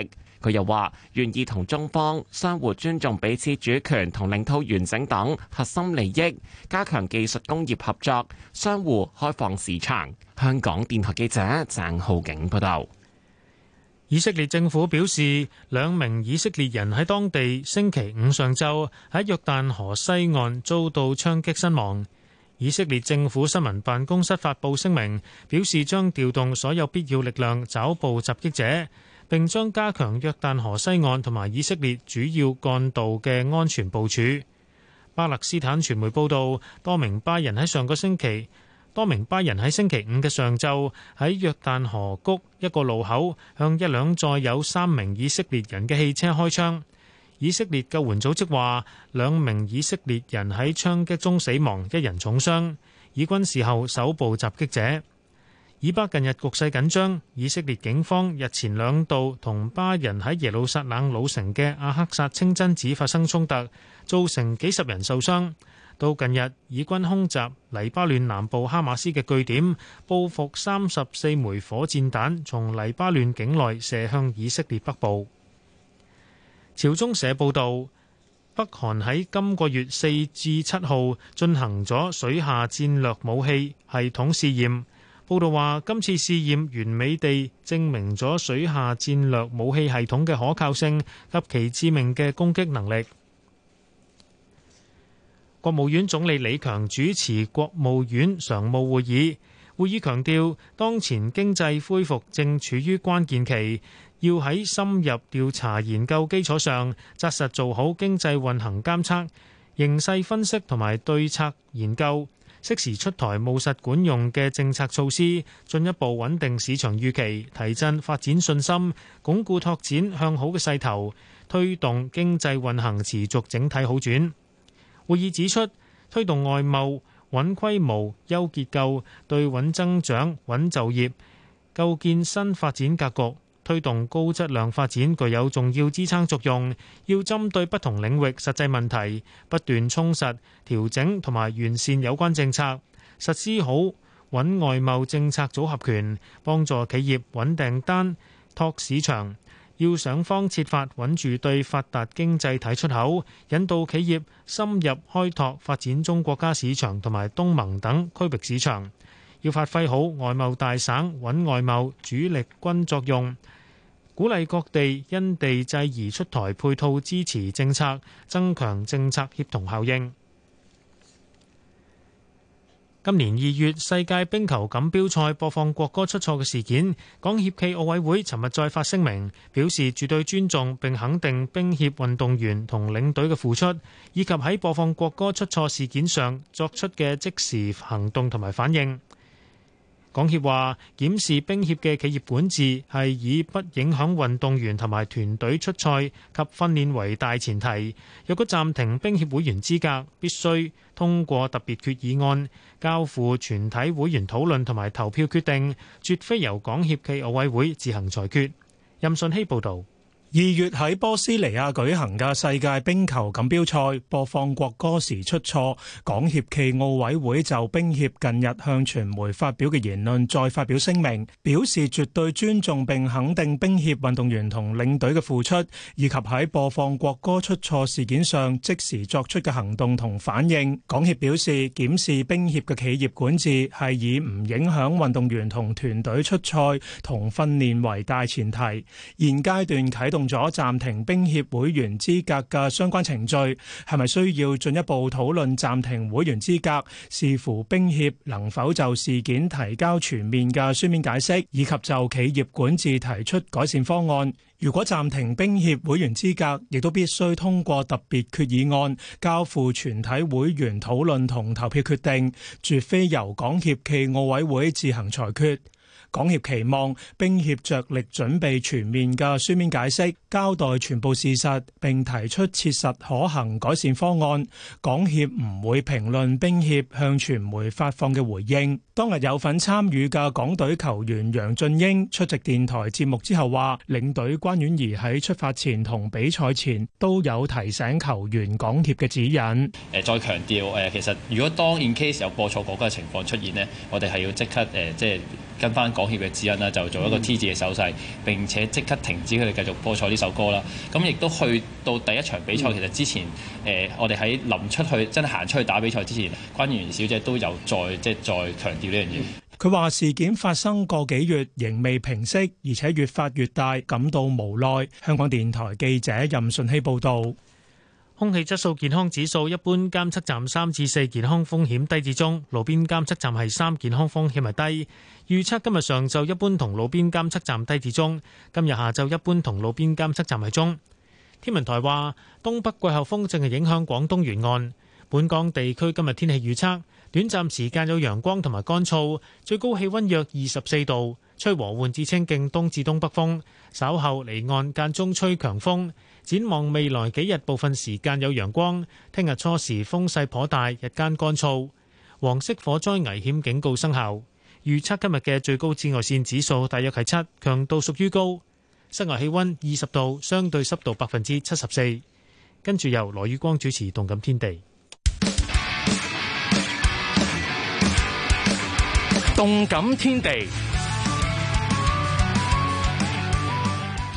佢又話願意同中方相互尊重彼此主權同領土完整等核心利益，加強技術工業合作，相互開放市場。香港電台記者鄭浩景報道。以色列政府表示，兩名以色列人喺當地星期五上晝喺約旦河西岸遭到槍擊身亡。以色列政府新聞辦公室發佈聲明，表示將調動所有必要力量抓捕襲擊者。並將加強約旦河西岸同埋以色列主要幹道嘅安全部署。巴勒斯坦傳媒報道，多名巴人喺上個星期，多名巴人喺星期五嘅上晝喺約旦河谷一個路口向一輛載有三名以色列人嘅汽車開槍。以色列救援組織話，兩名以色列人喺槍擊中死亡，一人重傷。以軍事後搜捕襲擊者。以巴近日局勢緊張，以色列警方日前兩度同巴人喺耶路撒冷老城嘅阿克薩清真寺發生衝突，造成幾十人受傷。到近日，以軍空襲黎巴嫩南部哈馬斯嘅據點，報復三十四枚火箭彈從黎巴嫩境內射向以色列北部。朝中社報道，北韓喺今個月四至七號進行咗水下戰略武器系統試驗。報道話，今次試驗完美地證明咗水下戰略武器系統嘅可靠性及其致命嘅攻擊能力。國務院總理李強主持國務院常務會議，會議強調，當前經濟恢復正處於關鍵期，要喺深入調查研究基礎上，紮實做好經濟運行監測、形勢分析同埋對策研究。適時出台務實管用嘅政策措施，進一步穩定市場預期，提振發展信心，鞏固拓展向好嘅勢頭，推動經濟運行持續整體好轉。會議指出，推動外貿穩規模、優結構，對穩增長、穩就業，構建新發展格局，推動高質量發展具有重要支撐作用，要針對不同領域實際問題，不斷充實、調整同埋完善有關政策，實施好穩外貿政策組合拳，幫助企業穩訂單、拓市場。要想方設法穩住對發達經濟體出口，引導企業深入開拓發展中國家市場同埋東盟等區域市場。要發揮好外貿大省穩外貿主力軍作用。鼓勵各地因地制宜出台配套支持政策，增強政策協同效應。今年二月世界冰球錦標賽播放國歌出錯嘅事件，港協暨奧委會尋日再發聲明，表示絕對尊重並肯定冰協運動員同領隊嘅付出，以及喺播放國歌出錯事件上作出嘅即時行動同埋反應。港協話檢視冰協嘅企業管治係以不影響運動員同埋團隊出賽及訓練為大前提。若果暫停冰協會員資格，必須通過特別決議案，交付全體會員討論同埋投票決定，絕非由港協暨奧委會自行裁決。任信希報導。二月喺波斯尼亞舉行嘅世界冰球錦標賽，播放國歌時出錯，港協暨奧委會就冰協近日向傳媒發表嘅言論再發表聲明，表示絕對尊重並肯定冰協運動員同領隊嘅付出，以及喺播放國歌出錯事件上即時作出嘅行動同反應。港協表示檢視冰協嘅企業管治係以唔影響運動員同團隊出賽同訓練為大前提，現階段啟動。用咗暫停冰協會員資格嘅相關程序，係咪需要進一步討論暫停會員資格？視乎冰協能否就事件提交全面嘅書面解釋，以及就企業管治提出改善方案。如果暫停冰協會員資格，亦都必須通過特別決議案，交付全體會員討論同投票決定，絕非由港協暨奧委會自行裁決。港協期望冰協着力準備全面嘅書面解釋，交代全部事實，並提出切實可行改善方案。港協唔會評論冰協向傳媒發放嘅回應。當日有份參與嘅港隊球員楊俊英出席電台節目之後話，領隊關婉儀喺出發前同比賽前都有提醒球員港協嘅指引。再強調，其實如果當 in case 有播錯國歌情況出現，呢我哋係要即刻誒、呃，即係。跟翻港協嘅指引啦，就做一個 T 字嘅手勢，並且即刻停止佢哋繼續播錯呢首歌啦。咁亦都去到第一場比賽，其實之前誒、呃、我哋喺臨出去真係行出去打比賽之前，關員小姐都有再即係再強調呢樣嘢。佢話、嗯、事件發生個幾月仍未平息，而且越發越大，感到無奈。香港電台記者任順希報導。空氣質素健康指數，一般監測站三至四，健康風險低至中，路邊監測站係三，健康風險係低。預測今日上晝一般同路邊監測站低至中，今日下晝一般同路邊監測站係中。天文台話，東北季候風正係影響廣東沿岸，本港地區今日天氣預測，短暫時間有陽光同埋乾燥，最高氣温約二十四度，吹和緩至清勁東至東北風，稍後離岸間中吹強風。展望未來幾日，部分時間有陽光。聽日初時風勢頗大，日間乾燥。黃色火災危險警告生效。預測今日嘅最高紫外線指數大約係七，強度屬於高。室外氣溫二十度，相對濕度百分之七十四。跟住由羅宇光主持《動感天地》。《動感天地》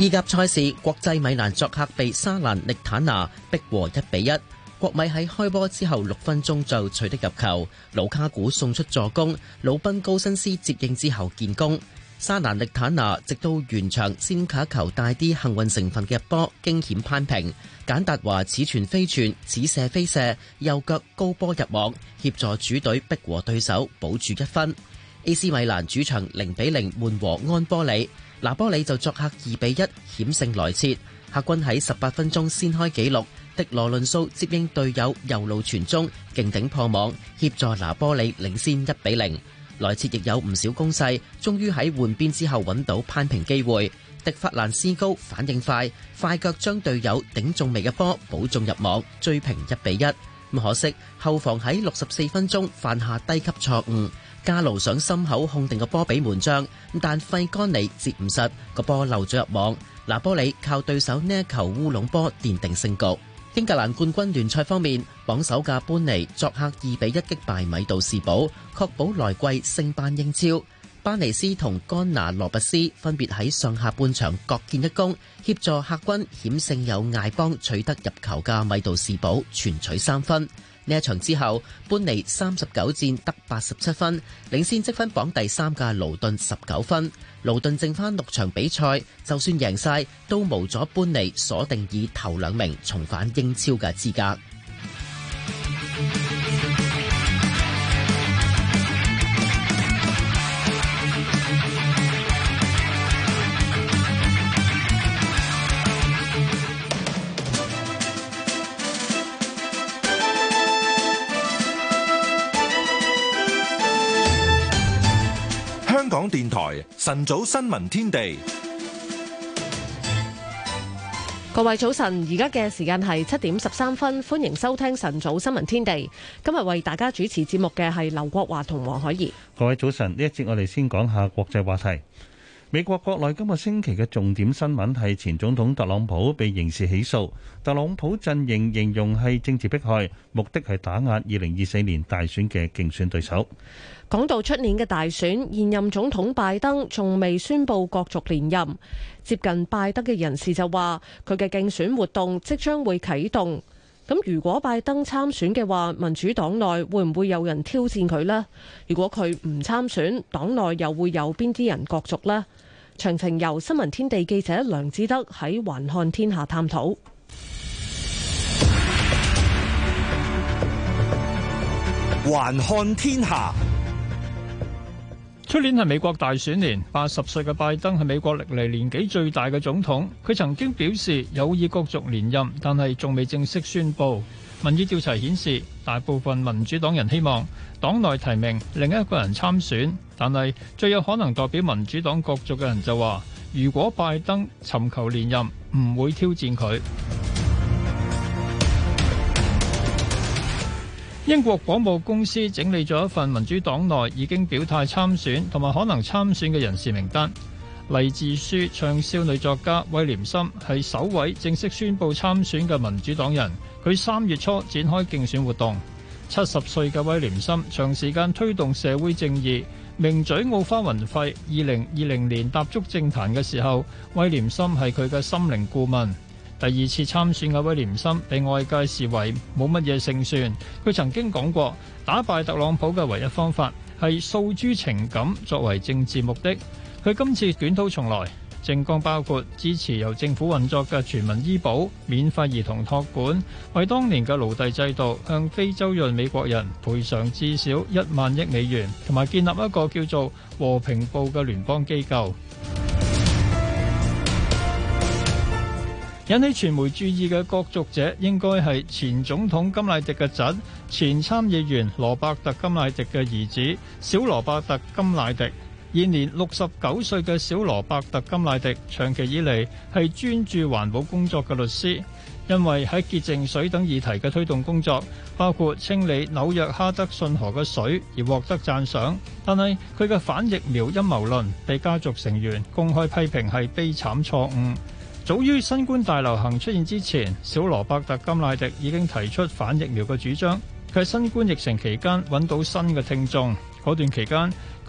意甲賽事，國際米蘭作客被沙蘭力坦拿逼和一比一。國米喺開波之後六分鐘就取得入球，盧卡古送出助攻，魯賓高辛斯接應之後建功。沙蘭力坦拿直到完場先卡球帶啲幸運成分嘅入波驚險攀平。簡達華似傳非傳，似射非射，右腳高波入網協助主隊逼和對手，保住一分。A.C. 米蘭主場零比零悶和安波里。拿波里就作客二比一險勝萊切，客軍喺十八分鐘先開紀錄，迪羅倫素接應隊友右路傳中，勁頂破網協助拿波里領先一比零。萊切亦有唔少攻勢，終於喺換邊之後揾到攀平機會，迪法蘭斯高反應快，快腳將隊友頂中未嘅波補中入網，追平一比一。咁可惜後防喺六十四分鐘犯下低級錯誤。加魯上心口控定個波俾門將，但費乾尼接唔實個波漏咗入網，拿波里靠對手呢一球烏龍波奠定勝局。英格蘭冠軍聯賽方面，榜首嘅班尼作客二比一擊敗米杜士堡，確保來季升班英超。班尼斯同乾拿羅拔斯分別喺上下半場各建一功，協助客軍險勝有艾邦，取得入球嘅米杜士堡全取三分。呢一場之後，班尼三十九戰得八十七分，領先積分榜第三嘅勞頓十九分。勞頓剩翻六場比賽，就算贏晒都無阻班尼鎖定以頭兩名重返英超嘅資格。港電台晨早新聞天地。各位早晨，而家嘅時間係七點十三分，歡迎收聽晨早新聞天地。今日為大家主持節目嘅係劉國華同黃海怡。各位早晨，呢一節我哋先講下國際話題。美國國內今個星期嘅重點新聞係前總統特朗普被刑事起訴。特朗普陣營形容係政治迫害，目的係打壓二零二四年大選嘅競選對手。講到出年嘅大選，現任總統拜登仲未宣佈角逐連任。接近拜登嘅人士就話，佢嘅競選活動即將會啟動。咁如果拜登參選嘅話，民主黨內會唔會有人挑戰佢呢？如果佢唔參選，黨內又會有邊啲人角逐呢？詳情由新聞天地記者梁志德喺環看天下探討環看天下。出年係美國大選年，八十歲嘅拜登係美國歷嚟年紀最大嘅總統。佢曾經表示有意角逐連任，但係仲未正式宣布。民意調查顯示，大部分民主黨人希望黨內提名另一個人參選，但係最有可能代表民主黨角逐嘅人就話：如果拜登尋求連任，唔會挑戰佢。 英國廣播公司整理咗一份民主黨內已經表態參選同埋可能參選嘅人士名單。勵志書暢銷女作家威廉森係首位正式宣佈參選嘅民主黨人。佢三月初展開競選活動。七十歲嘅威廉森長時間推動社會正義，名嘴奧花雲費二零二零年踏足政壇嘅時候，威廉森係佢嘅心靈顧問。第二次參選嘅威廉森被外界視為冇乜嘢勝算。佢曾經講過，打敗特朗普嘅唯一方法係訴諸情感作為政治目的。佢今次捲土重來。政綱包括支持由政府運作嘅全民醫保、免費兒童托管、為當年嘅奴隸制度向非洲裔美國人賠償至少一萬億美元，同埋建立一個叫做和平部嘅聯邦機構。 引起傳媒注意嘅角逐者，應該係前總統甘迺迪嘅侄、前參議員羅伯特甘迺迪嘅兒子、小羅伯特甘迺迪。現年六十九歲嘅小羅伯特甘迺迪，長期以嚟係專注環保工作嘅律師，因為喺潔淨水等議題嘅推動工作，包括清理紐約哈德遜河嘅水，而獲得讚賞。但係佢嘅反疫苗陰謀論被家族成員公開批評係悲慘錯誤。早於新冠大流行出現之前，小羅伯特甘迺迪已經提出反疫苗嘅主張。佢喺新冠疫情期間揾到新嘅聽眾，嗰段期間，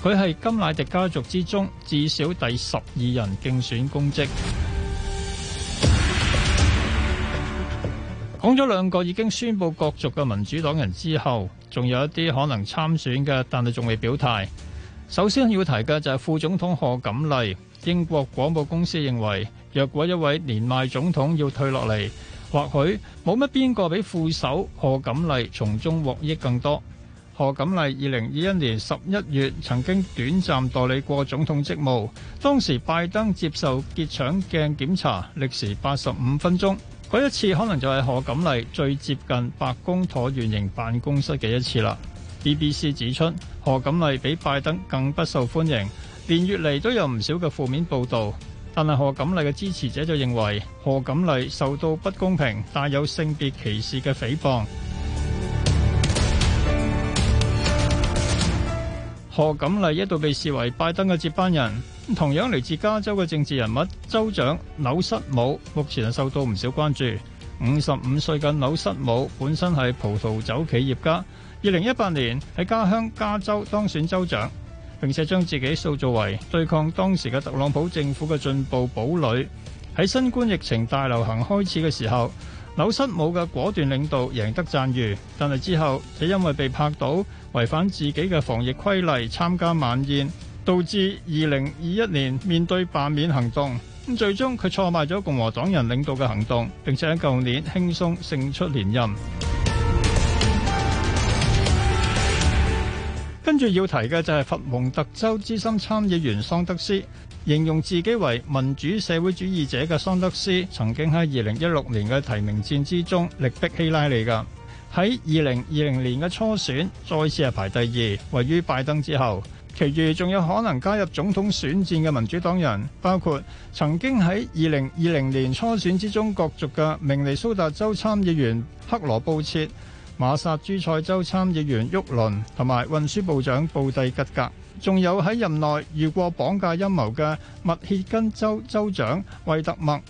佢係金乃迪家族之中至少第十二人競選公職。講咗兩個已經宣布角逐嘅民主黨人之後，仲有一啲可能參選嘅，但係仲未表態。首先要提嘅就係副總統賀錦麗。英國廣播公司認為，若果一位年邁總統要退落嚟，或許冇乜邊個比副手賀錦麗從中獲益更多。何錦麗二零二一年十一月曾經短暫代理過總統職務，當時拜登接受結腸鏡檢查，歷時八十五分鐘。嗰一次可能就係何錦麗最接近白宮橢圓形辦公室嘅一次啦。BBC 指出，何錦麗比拜登更不受歡迎，連月嚟都有唔少嘅負面報道，但係何錦麗嘅支持者就認為何錦麗受到不公平、帶有性別歧視嘅誹謗。何錦麗一度被視為拜登嘅接班人，同樣嚟自加州嘅政治人物州長紐瑟姆目前受到唔少關注。五十五歲嘅紐瑟姆本身係葡萄酒企業家，二零一八年喺家鄉加州當選州長，並且將自己塑造為對抗當時嘅特朗普政府嘅進步堡壘，喺新冠疫情大流行開始嘅時候，紐瑟姆嘅果斷領導贏得讚譽，但係之後，就因為被拍到違反自己嘅防疫規例參加晚宴，導致二零二一年面對罷免行動。咁最終佢挫敗咗共和黨人領導嘅行動，並且喺舊年輕鬆勝出連任。 跟住要提嘅就係佛蒙特州資深參議員桑德斯。形容自己為民主社會主義者嘅桑德斯，曾經喺二零一六年嘅提名戰之中力逼希拉里㗎。喺二零二零年嘅初選，再次係排第二，位於拜登之後。其餘仲有可能加入總統選戰嘅民主黨人，包括曾經喺二零二零年初選之中角逐嘅明尼蘇達州參議員克羅布切、馬薩諸塞州參議員沃倫，同埋運輸部長布蒂吉格。仲有喺任內遇過綁架陰謀嘅密歇根州州長惠特默，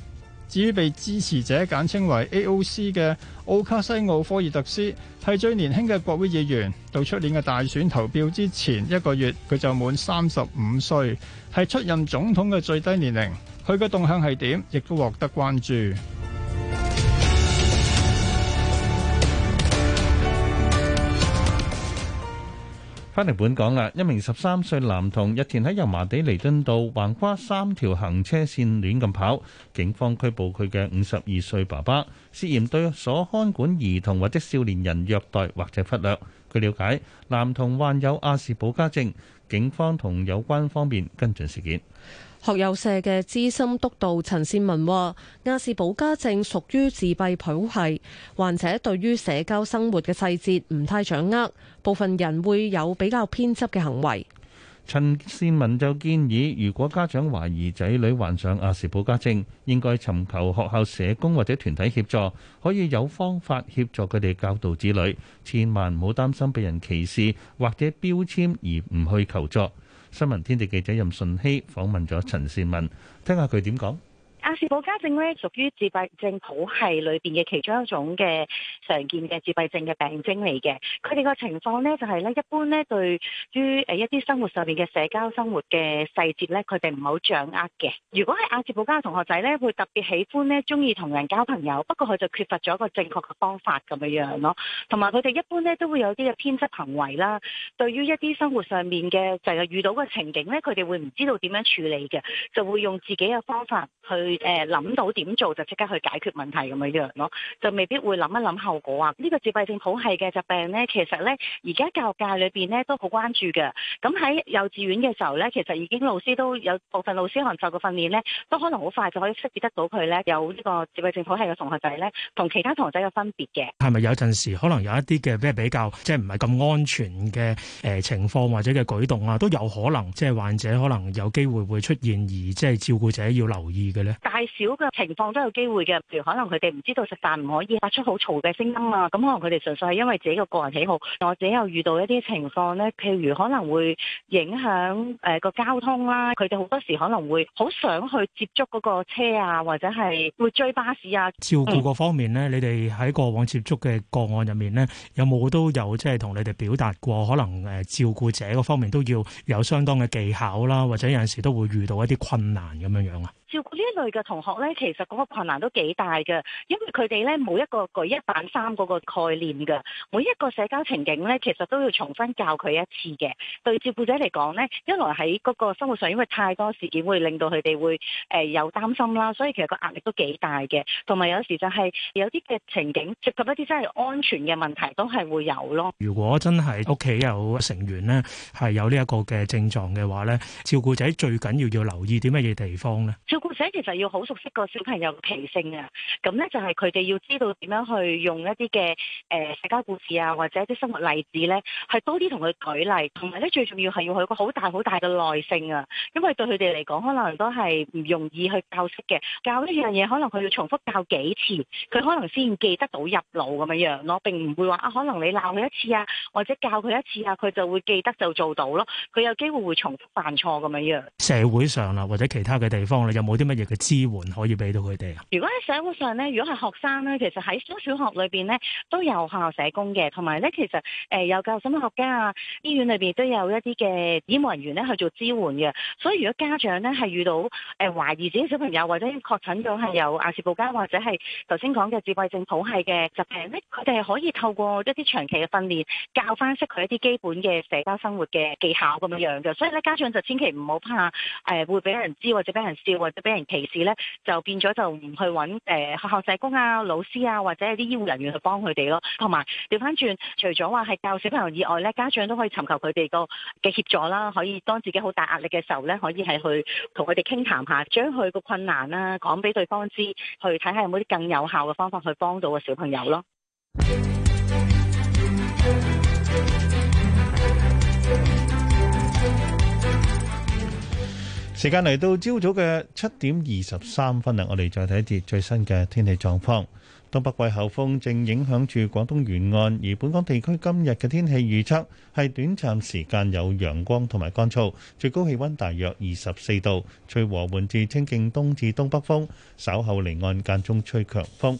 至於被支持者簡稱為 AOC 嘅奧卡西奧科爾特斯，係最年輕嘅國會議員，到出年嘅大選投票之前一個月，佢就滿三十五歲，係出任總統嘅最低年齡。佢嘅動向係點，亦都獲得關注。翻嚟本港啦，一名十三歲男童日前喺油麻地彌敦道橫跨三條行車線亂咁跑，警方拘捕佢嘅五十二歲爸爸，涉嫌對所看管兒童或者少年人虐待或者忽略。據了解，男童患有亞氏保加症，警方同有關方面跟進事件。學友社嘅資深督導陳善文話，亞氏保加症屬於自閉譜系，患者對於社交生活嘅細節唔太掌握，部分人會有比較偏執嘅行為。陳善文就建議，如果家長懷疑仔女患上亞氏保加症，應該尋求學校社工或者團體協助，可以有方法協助佢哋教導子女。千萬唔好擔心被人歧視或者標籤而唔去求助。新聞天地記者任順熙訪問咗陳善文，聽下佢點講。亞氏保加症咧，屬於自閉症譜系裏邊嘅其中一種嘅常見嘅自閉症嘅病徵嚟嘅。佢哋個情況咧就係咧，一般咧對於誒一啲生活上邊嘅社交生活嘅細節咧，佢哋唔好掌握嘅。如果係亞氏保加嘅同學仔咧，會特別喜歡咧，中意同人交朋友，不過佢就缺乏咗一個正確嘅方法咁樣樣咯。同埋佢哋一般咧都會有啲嘅偏執行為啦。對於一啲生活上面嘅就係遇到嘅情景咧，佢哋會唔知道點樣處理嘅，就會用自己嘅方法去。誒諗到點做就即刻去解決問題咁樣樣咯，就未必會諗一諗後果啊！呢個自閉症譜系嘅疾病咧，其實咧而家教育界裏邊咧都好關注嘅。咁喺幼稚園嘅時候咧，其實已經老師都有部分老師可能受過訓練咧，都可能好快就可以識別得到佢咧有呢個自閉症譜系嘅同學仔咧，同其他同學仔嘅分別嘅。係咪有陣時可能有一啲嘅即係比較即係唔係咁安全嘅誒、呃、情況或者嘅舉動啊，都有可能即係患者可能有機會會出現而即係照顧者要留意嘅咧？大小嘅情況都有機會嘅，譬如可能佢哋唔知道食飯唔可以發出好嘈嘅聲音啊，咁可能佢哋純粹係因為自己嘅個人喜好，或者又遇到一啲情況咧，譬如可能會影響誒個、呃、交通啦。佢哋好多時可能會好想去接觸嗰個車啊，或者係會追巴士啊。照顧個方面咧，嗯、你哋喺過往接觸嘅個案入面咧，有冇都有即係同你哋表達過，可能誒照顧者個方面都要有相當嘅技巧啦，或者有陣時都會遇到一啲困難咁樣樣啊？照顧呢一類嘅同學呢，其實嗰個困難都幾大嘅，因為佢哋呢，冇一個舉一反三嗰個概念嘅，每一個社交情景呢，其實都要重新教佢一次嘅。對照顧者嚟講呢，一來喺嗰個生活上，因為太多事件會令到佢哋會誒、呃、有擔心啦，所以其實個壓力都幾大嘅。同埋有，有時就係有啲嘅情景涉及一啲真係安全嘅問題，都係會有咯。如果真係屋企有成員呢，係有呢一個嘅症狀嘅話呢，照顧者最緊要要留意啲乜嘢地方呢？故事其實要好熟悉個小朋友嘅脾性啊，咁呢，就係佢哋要知道點樣去用一啲嘅誒，社交故事啊，或者一啲生活例子呢，係多啲同佢舉例，同埋呢，最重要係要佢個好大好大嘅耐性啊，因為對佢哋嚟講，可能都係唔容易去教識嘅，教呢樣嘢可能佢要重複教幾次，佢可能先記得到入腦咁樣樣、啊、咯，並唔會話啊，可能你鬧佢一次啊，或者教佢一次啊，佢就會記得就做到咯，佢有機會會重複犯錯咁樣樣、啊。社會上啦、啊，或者其他嘅地方有。冇啲乜嘢嘅支援可以俾到佢哋啊？如果喺社會上咧，如果係學生咧，其實喺中小，小學裏邊咧都有學校社工嘅，同埋咧其實誒有教育心理學家啊，醫院裏邊都有一啲嘅醫務人員咧去做支援嘅。所以如果家長咧係遇到誒、呃、懷疑自己小朋友或者確診咗係有阿斯伯格或者係頭先講嘅自閉症譜系嘅疾病咧，佢哋係可以透過一啲長期嘅訓練，教翻識佢一啲基本嘅社交生活嘅技巧咁樣樣嘅。所以咧家長就千祈唔好怕誒、呃、會俾人知或者俾人笑俾人歧視咧，就變咗就唔去揾誒、呃、學校社工啊、老師啊，或者係啲醫護人員去幫佢哋咯。同埋調翻轉，除咗話係教小朋友以外咧，家長都可以尋求佢哋個嘅協助啦。可以當自己好大壓力嘅時候咧，可以係去同佢哋傾談、談下，將佢個困難啦、啊、講俾對方知，去睇下有冇啲更有效嘅方法去幫到個小朋友咯。時間嚟到朝早嘅七點二十三分啦，我哋再睇一啲最新嘅天氣狀況。東北季候風正影響住廣東沿岸，而本港地區今日嘅天氣預測係短暫時間有陽光同埋乾燥，最高氣溫大約二十四度，吹和緩至清勁東至東北風。稍後離岸間中吹強風。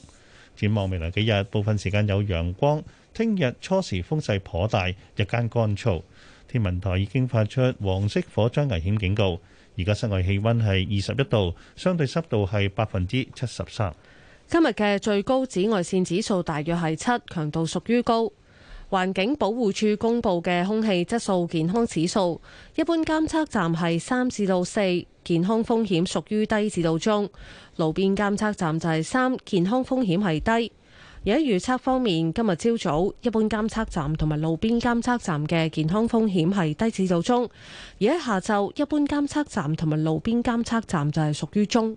展望未來幾日，部分時間有陽光。聽日初時風勢頗大，日間乾燥。天文台已經發出黃色火災危險警告。而家室外氣溫係二十一度，相對濕度係百分之七十三。今日嘅最高紫外綫指數大約係七，強度屬於高。環境保護署公布嘅空氣質素健康指數，一般監測站係三至到四，健康風險屬於低至到中。路邊監測站就係三，健康風險係低。而喺預測方面，今日朝早一般監測站同埋路邊監測站嘅健康風險係低至到中；而喺下晝，一般監測站同埋路邊監，監，監測站就係屬於中。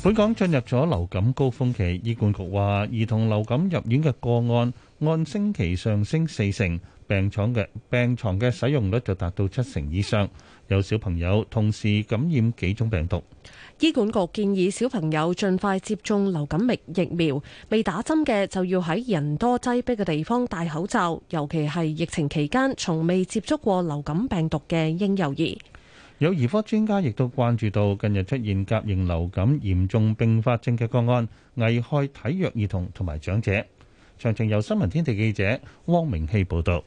本港進入咗流感高峰期，醫管局話兒童流感入院嘅個案按星期上升四成。病床嘅病床嘅使用率就達到七成以上，有小朋友同時感染幾種病毒。醫管局建議小朋友盡快接種流感疫疫苗，未打針嘅就要喺人多擠迫嘅地方戴口罩，尤其係疫情期間，從未接觸過流感病毒嘅嬰幼兒。有兒科專家亦都關注到近日出現甲型流感嚴重併發症嘅個案，危害體弱兒童同埋長者。詳情由新聞天地記者汪明熙報道。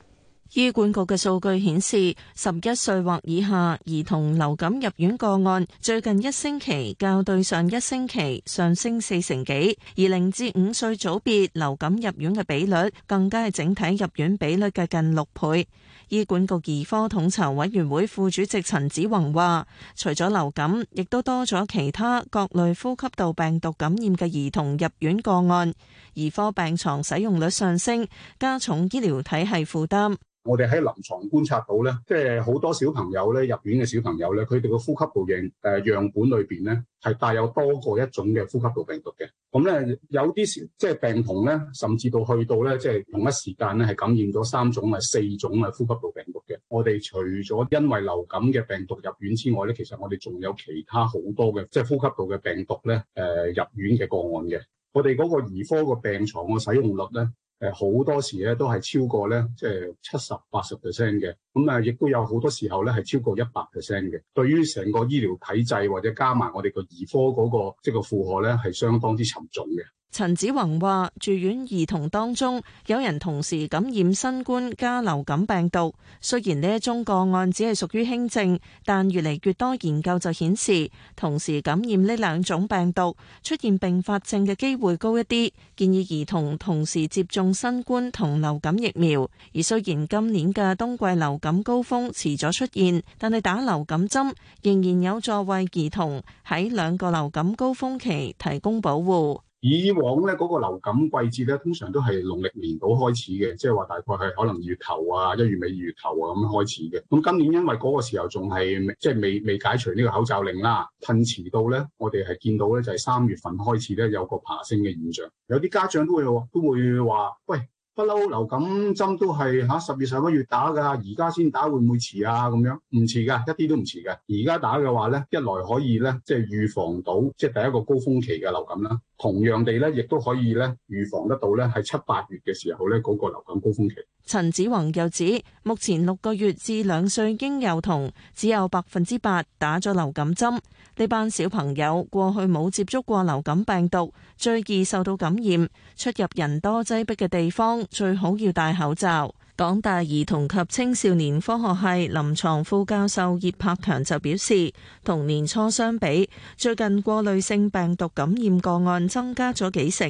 醫管局嘅數據顯示，十一歲或以下兒童流感入院個案，最近一星期較對上一星期上升四成幾，而零至五歲組別流感入院嘅比率，更加係整體入院比率嘅近六倍。醫管局兒科統籌委員會副主席陳子宏話，除咗流感，亦都多咗其他各類呼吸道病毒感染嘅兒童入院個案，兒科病床使用率上升，加重醫療體系負擔。我哋喺臨床觀察到咧，即係好多小朋友咧，入院嘅小朋友咧，佢哋嘅呼吸道型誒樣本裏邊咧，係帶有多過一種嘅呼吸道病毒嘅。咁咧有啲即係病童咧，甚至到去到咧，即係同一時間咧係感染咗三種啊、四種啊呼吸道病毒嘅。我哋除咗因為流感嘅病毒入院之外咧，其實我哋仲有其他好多嘅即係呼吸道嘅病毒咧誒入院嘅個案嘅。我哋嗰個兒科個病床個使用率咧。誒好多時咧都係超過咧，即係七十八十 percent 嘅，咁啊亦都有好多時候咧係超過一百 percent 嘅。對於成個醫療體制或者加埋我哋個兒科嗰個即係個負荷咧，係相當之沉重嘅。陳子鴻話：住院兒童當中，有人同時感染新冠加流感病毒。雖然呢一宗個案只係屬於輕症，但越嚟越多研究就顯示，同時感染呢兩種病毒，出現併發症嘅機會高一啲。建議兒童同時接種新冠同流感疫苗。而雖然今年嘅冬季流感高峰遲咗出現，但係打流感針仍然有助為兒童喺兩個流感高峰期提供保護。以往咧嗰、那個流感季節咧，通常都係農曆年度開始嘅，即係話大概係可能月頭啊、一月尾、二月頭啊咁開始嘅。咁今年因為嗰個時候仲係即係未未解除呢個口罩令啦，褪遲到咧，我哋係見到咧就係、是、三月份開始咧有個爬升嘅現象，有啲家長都會都會話喂。不嬲，流感針都係嚇十月上個月打噶，而家先打會唔會遲啊？咁樣唔遲噶，一啲都唔遲噶。而家打嘅話咧，一來可以咧，即係預防到即係、就是、第一個高峰期嘅流感啦。同樣地咧，亦都可以咧預防得到咧，係七八月嘅時候咧嗰、那個流感高峰期。陳子宏又指，目前六個月至兩歲嬰幼童只有百分之八打咗流感針，呢班小朋友過去冇接觸過流感病毒，最易受到感染。出入人多擠迫嘅地方，最好要戴口罩。港大兒童及青少年科學系臨床副教授葉柏強就表示，同年初相比，最近過濾性病毒感染個案增加咗幾成。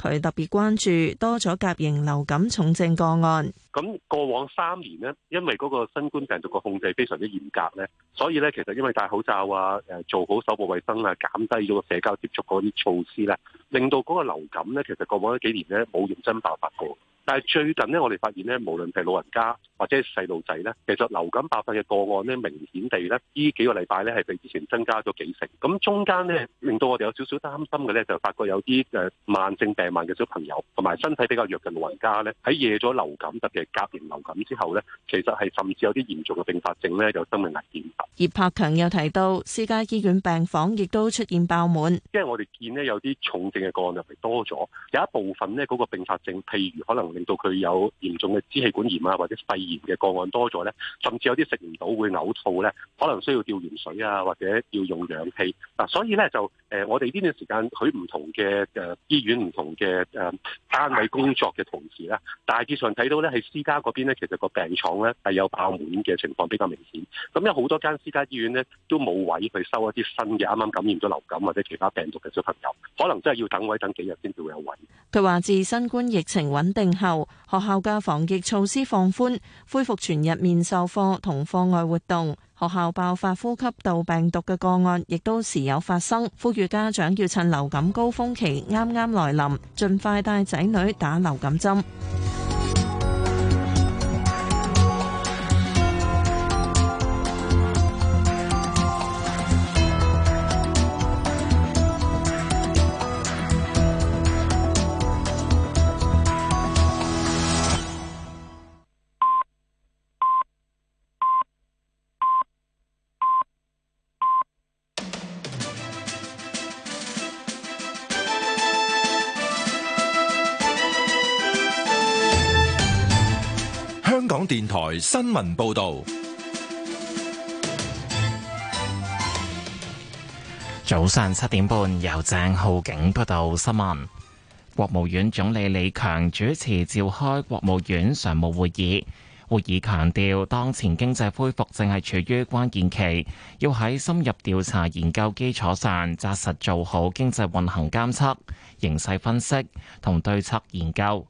佢特別關注多咗甲型流感重症個案。咁過往三年呢，因為嗰個新冠病毒嘅控制非常之嚴格咧，所以咧其實因為戴口罩啊、誒做好手部衛生啊、減低咗個社交接觸嗰啲措施咧，令到嗰個流感咧其實過往幾年咧冇認真爆發過。但係最近咧，我哋發現咧，無論係老人家或者細路仔咧，其實流感爆發嘅個案咧，明顯地咧，呢幾個禮拜咧係比之前增加咗幾成。咁中間咧，令到我哋有少少擔心嘅咧，就發覺有啲誒慢性病患嘅小朋友同埋身體比較弱嘅老人家咧，喺夜咗流感特別係甲型流感之後咧，其實係甚至有啲嚴重嘅併發症咧，就生命危險。葉柏強又提到，私家醫院病房亦都出現爆滿，因為我哋見呢，有啲重症嘅個案入嚟多咗，有一部分呢，嗰個併發症，譬如可能。令到佢有嚴重嘅支氣管炎啊，或者肺炎嘅個案多咗咧，甚至有啲食唔到會嘔吐咧，可能需要吊鹽水啊，或者要用氧氣。嗱，所以咧就誒，我哋呢段時間喺唔同嘅誒醫院、唔同嘅誒單位工作嘅同時咧，大致上睇到咧喺私家嗰邊咧，其實個病牀咧係有爆滿嘅情況比較明顯。咁有好多間私家醫院咧都冇位去收一啲新嘅啱啱感染咗流感或者其他病毒嘅小朋友，可能真係要等位等幾日先至會有位。佢話：自新冠疫情穩定，後學校嘅防疫措施放寬，恢復全日面授課同課外活動。學校爆發呼吸道病毒嘅個案亦都時有發生，呼籲家長要趁流感高峰期啱啱來臨，盡快帶仔女打流感針。電台新聞報道，早上七點半，由鄭浩景報道新聞。國務院總理李強主持召開國務院常務會議，會議強調當前經濟恢復正係處於關鍵期，要喺深入調查研究基礎上，紮實做好經濟運行監測、形勢分析同對策研究。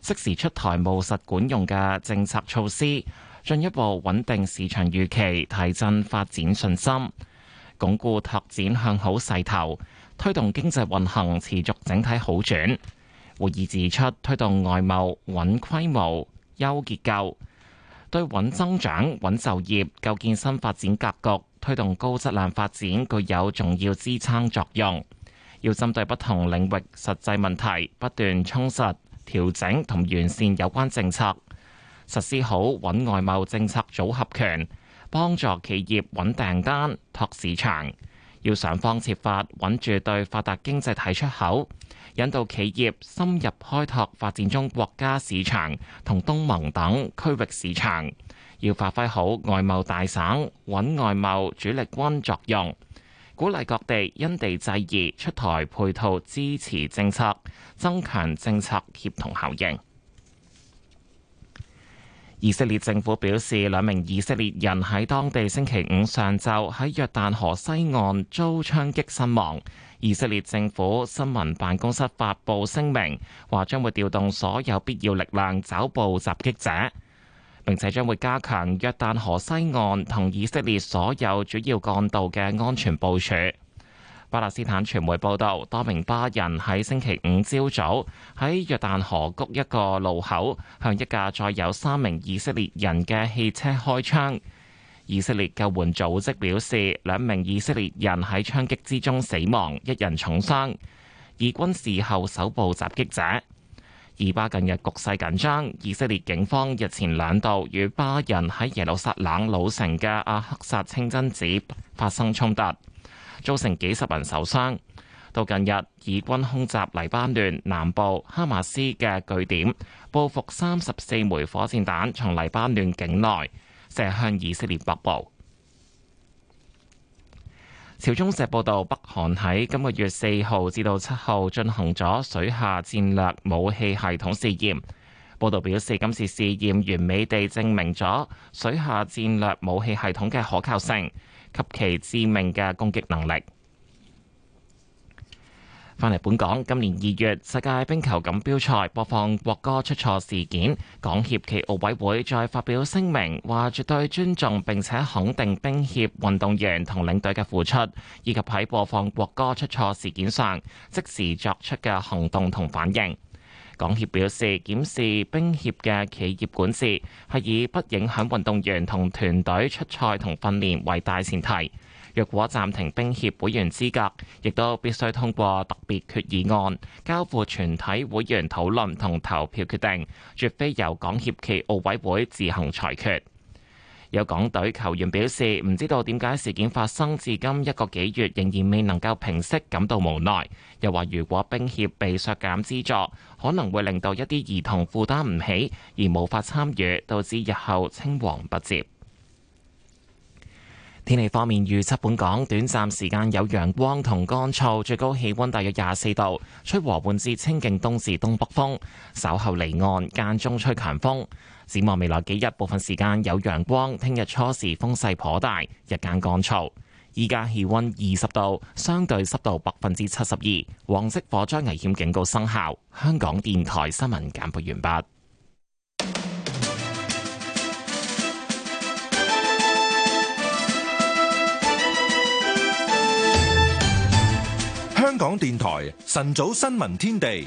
即時出臺務實管用嘅政策措施，進一步穩定市場預期，提振發展信心，鞏固拓展向好勢頭，推動經濟運行持續整體好轉。會議指出，推動外貿穩規模、優結構，對穩增長、穩就業、構建新發展格局，推動高質量發展具有重要支撐作用。要針對不同領域實際問題，不斷充實，調整同完善有關政策，實施好穩外貿政策組合拳，幫助企業穩訂單、拓市場。要想方設法穩住對發達經濟體出口，引導企業深入開拓發展中國家市場同東盟等區域市場。要發揮好外貿大省穩外貿主力軍作用。鼓勵各地因地制宜出台配套支持政策，增強政策協同效應。以色列政府表示，兩名以色列人喺當地星期五上晝喺約旦河西岸遭槍擊身亡。以色列政府新聞辦公室發布聲明，話將會調動所有必要力量，抓捕襲擊者。並且將會加強約旦河西岸同以色列所有主要幹道嘅安全部署。巴勒斯坦傳媒報道，多名巴人喺星期五朝早喺約旦河谷一個路口向一架載有三名以色列人嘅汽車開槍。以色列救援組織表示，兩名以色列人喺槍擊之中死亡，一人重傷。以軍事後搜捕襲擊者。以巴近日局勢緊張，以色列警方日前兩度與巴人喺耶路撒冷老城嘅阿克薩清真寺發生衝突，造成幾十人受傷。到近日，以軍空襲黎巴嫩南部哈馬斯嘅據點，報復三十四枚火箭彈從黎巴嫩境內射向以色列北部。朝中社報道，北韓喺今個月四號至到七號進行咗水下戰略武器系統試驗，報道表示，今次試驗完美地證明咗水下戰略武器系統嘅可靠性及其致命嘅攻擊能力。返嚟本港，今年二月世界冰球錦標賽播放國歌出錯事件，港協暨奧委會再發表聲明話絕對尊重並且肯定冰協運動員同領隊嘅付出，以及喺播放國歌出錯事件上即時作出嘅行動同反應。港協表示檢視冰協嘅企業管治，係以不影響運動員同團隊出賽同訓練為大前提。若果暫停冰協會員資格，亦都必須通過特別決議案，交付全體會員討論同投票決定，絕非由港協暨奧委會自行裁決。有港隊球員表示，唔知道點解事件發生至今一個幾月，仍然未能夠平息，感到無奈。又話如果冰協被削減資助，可能會令到一啲兒童負擔唔起，而無法參與，導致日後青黃不接。天氣方面，預測本港短暫時間有陽光同乾燥，最高氣溫大約廿四度，吹和緩至清勁東至東北風，稍後離岸間中吹強風。展望未來幾日，部分時間有陽光，聽日初時風勢頗大，日間乾燥。依家氣溫二十度，相對濕度百分之七十二，黃色火災危險警告生效。香港電台新聞簡報完畢。香港電台晨早新聞天地，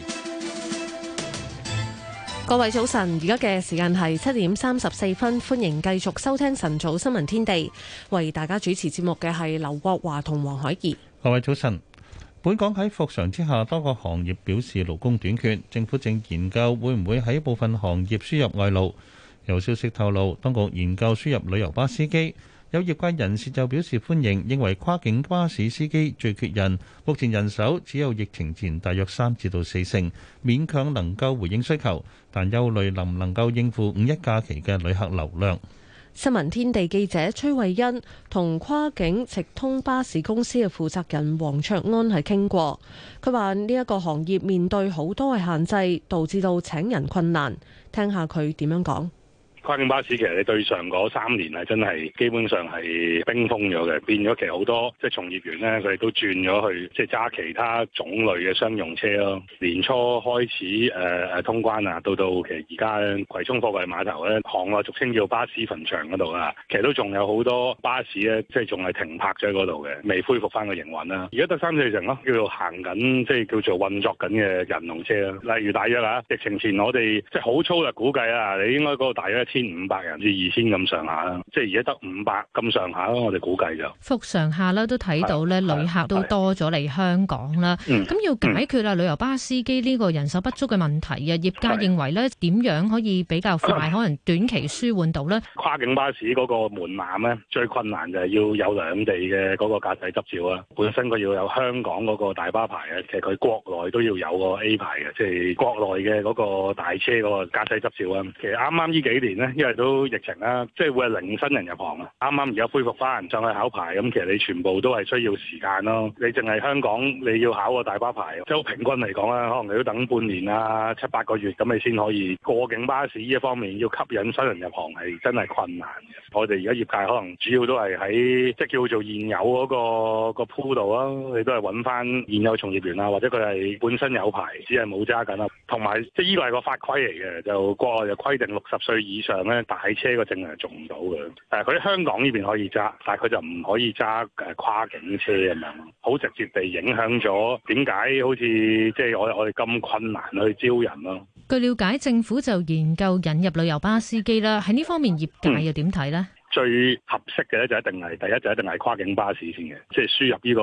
各位早晨，而家嘅時間係七點三十四分，歡迎繼續收聽晨早新聞天地，為大家主持節目嘅係劉國華同黃海怡。各位早晨，本港喺復常之下，多個行業表示勞工短缺，政府正研究會唔會喺部分行業輸入外勞。有消息透露，當局研究輸入旅遊巴司機。有業界人士就表示歡迎，認為跨境巴士司機最缺人，目前人手只有疫情前大約三至到四成，勉強能夠回應需求，但憂慮能唔能夠應付五一假期嘅旅客流量。新聞天地記者崔慧欣同跨境直通巴士公司嘅負責人黃卓安係傾過，佢話呢一個行業面對好多嘅限制，導致到請人困難。聽下佢點樣講。跨境巴士其實你對上嗰三年係真係基本上係冰封咗嘅，變咗其實好多即係、就是、從業員咧，佢哋都轉咗去即係揸其他種類嘅商用車咯。年初開始誒誒、呃、通關啊，到到其實而家葵涌貨櫃碼頭咧，行內俗稱叫巴士墳場嗰度啊，其實都仲有好多巴士咧，即係仲係停泊咗喺嗰度嘅，未恢復翻個營運啦。而家得三四成咯，叫做行緊即係叫做運作緊嘅人龍車啦。例如大約啦、啊，疫情前我哋即係好粗略估計啊，你應該嗰個大約。千五百人至二千咁上下啦，即係而家得五百咁上下啦，我哋估計就。幅上下啦，都睇到咧，旅客都多咗嚟香港啦。咁、嗯、要解決啦，嗯、旅遊巴司機呢個人手不足嘅問題啊，業界認為咧點是樣可以比較快，嗯、可能短期舒緩到咧？跨境巴士嗰個門檻咧，最困難就係要有兩地嘅嗰個駕駛執照啊。本身佢要有香港嗰個大巴牌啊，其實佢國內都要有個 A 牌嘅，即係國內嘅嗰個大車嗰個駕駛執照啊。其實啱啱呢幾年因為都疫情啦，即係會係零新人入行啊！啱啱而家恢復翻，上去考牌咁，其實你全部都係需要時間咯。你淨係香港，你要考個大巴牌，即好平均嚟講啦，可能你要等半年啊、七八個月咁，你先可以過境。巴士呢一方面要吸引新人入行係真係困難。我哋而家業界可能主要都係喺即係叫做現有嗰、嗰個、嗰個鋪度啊，你都係揾翻現有從業員啊，或者佢係本身有牌，只係冇揸緊啦。同埋即係依個係個法規嚟嘅，就國內就規定六十歲以上。誒，大車個證係做唔到嘅。誒，佢喺香港呢邊可以揸，但係佢就唔可以揸，誒跨境車咁樣。好直接地影響咗，點解好似即係我我哋咁困難去招人咯？據了解，政府就研究引入旅遊巴司機啦。喺呢方面業界又點睇咧？嗯最合適嘅咧就一定係第一就一定係跨境巴士先嘅，即係輸入呢個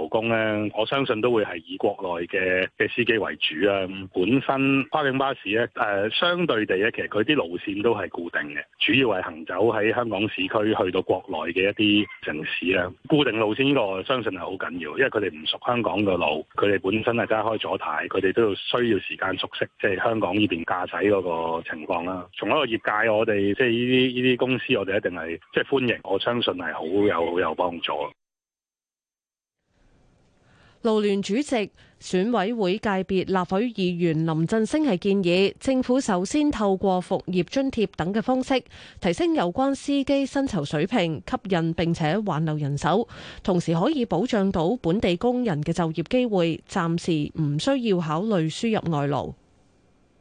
勞工咧，我相信都會係以國內嘅嘅司機為主啊。本身跨境巴士咧，誒相對地咧，其實佢啲路線都係固定嘅，主要係行走喺香港市區去到國內嘅一啲城市啊。固定路線呢個我相信係好緊要，因為佢哋唔熟香港嘅路，佢哋本身係揸開咗太，佢哋都要需要時間熟悉即係香港呢邊駕駛嗰個情況啦。從一個業界，我哋即係呢啲呢啲公司，我哋一定係。即係歡迎，我相信係好有好有幫助。勞聯主席、選委會界別立法會議員林振升係建議，政府首先透過服業津貼等嘅方式，提升有關司機薪酬水平，吸引並且挽留人手，同時可以保障到本地工人嘅就業機會，暫時唔需要考慮輸入外勞。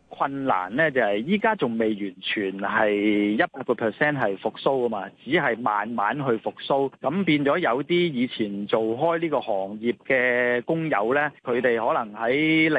困難呢，就係依家仲未完全係一百個 percent 係復甦啊嘛，只係慢慢去復甦。咁變咗有啲以前做開呢個行業嘅工友呢，佢哋可能喺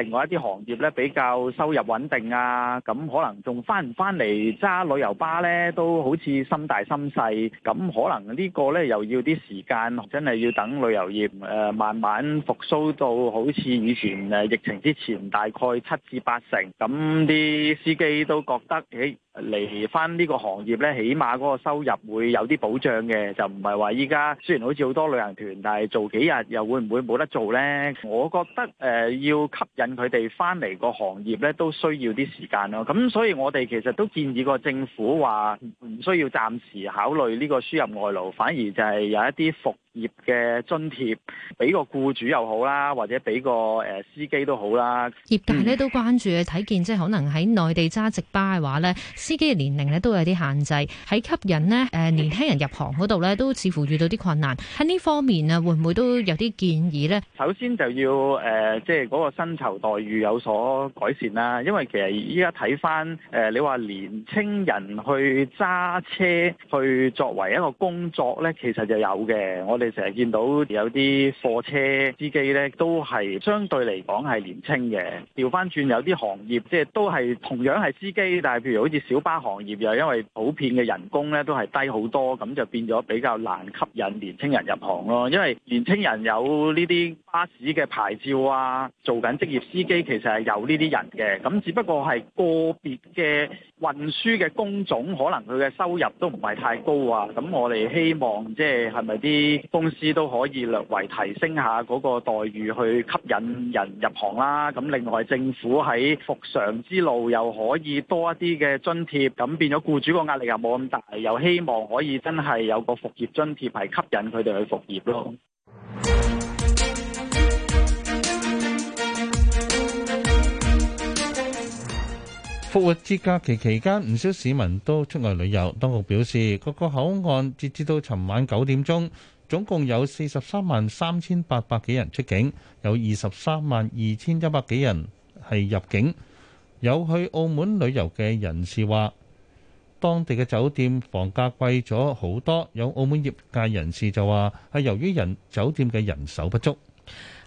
另外一啲行業呢比較收入穩定啊，咁可能仲返唔返嚟揸旅遊巴呢，都好似心大心細。咁可能呢個呢，又要啲時間，真係要等旅遊業誒、呃、慢慢復甦到好似以前誒疫情之前大概七至八成咁。啲司機都覺得，誒嚟翻呢個行業咧，起碼嗰個收入會有啲保障嘅，就唔係話依家雖然好似好多旅行團，但係做幾日又會唔會冇得做呢？我覺得誒、呃、要吸引佢哋翻嚟個行業咧，都需要啲時間咯。咁所以我哋其實都建議過政府話唔需要暫時考慮呢個輸入外勞，反而就係有一啲服業嘅津貼，俾個僱主又好啦，或者俾個誒司機都好啦。業界咧都關注睇見，即係可能喺內地揸直巴嘅話咧，司機嘅年齡咧都有啲限制，喺吸引咧誒年輕人入行嗰度咧，都似乎遇到啲困難。喺呢方面啊，會唔會都有啲建議呢？首先就要誒，即係嗰個薪酬待遇有所改善啦。因為其實依家睇翻誒，你話年輕人去揸車去作為一個工作咧，其實就有嘅。我哋成日見到有啲貨車司機呢，都係相對嚟講係年輕嘅。調翻轉有啲行業，即係都係同樣係司機，但係譬如好似小巴行業又因為普遍嘅人工呢都係低好多，咁就變咗比較難吸引年輕人入行咯。因為年輕人有呢啲巴士嘅牌照啊，做緊職業司機其實係有呢啲人嘅，咁只不過係個別嘅。運輸嘅工種可能佢嘅收入都唔係太高啊，咁我哋希望即係係咪啲公司都可以略為提升下嗰個待遇去吸引人入行啦、啊。咁另外政府喺復常之路又可以多一啲嘅津貼，咁變咗僱主個壓力又冇咁大，又希望可以真係有個復業津貼係吸引佢哋去復業咯、啊。復活節假期期間，唔少市民都出外旅遊。當局表示，各個口岸截至到尋晚九點鐘，總共有四十三萬三千八百幾人出境，有二十三萬二千一百幾人係入境。有去澳門旅遊嘅人士話，當地嘅酒店房價貴咗好多。有澳門業界人士就話，係由於人酒店嘅人手不足。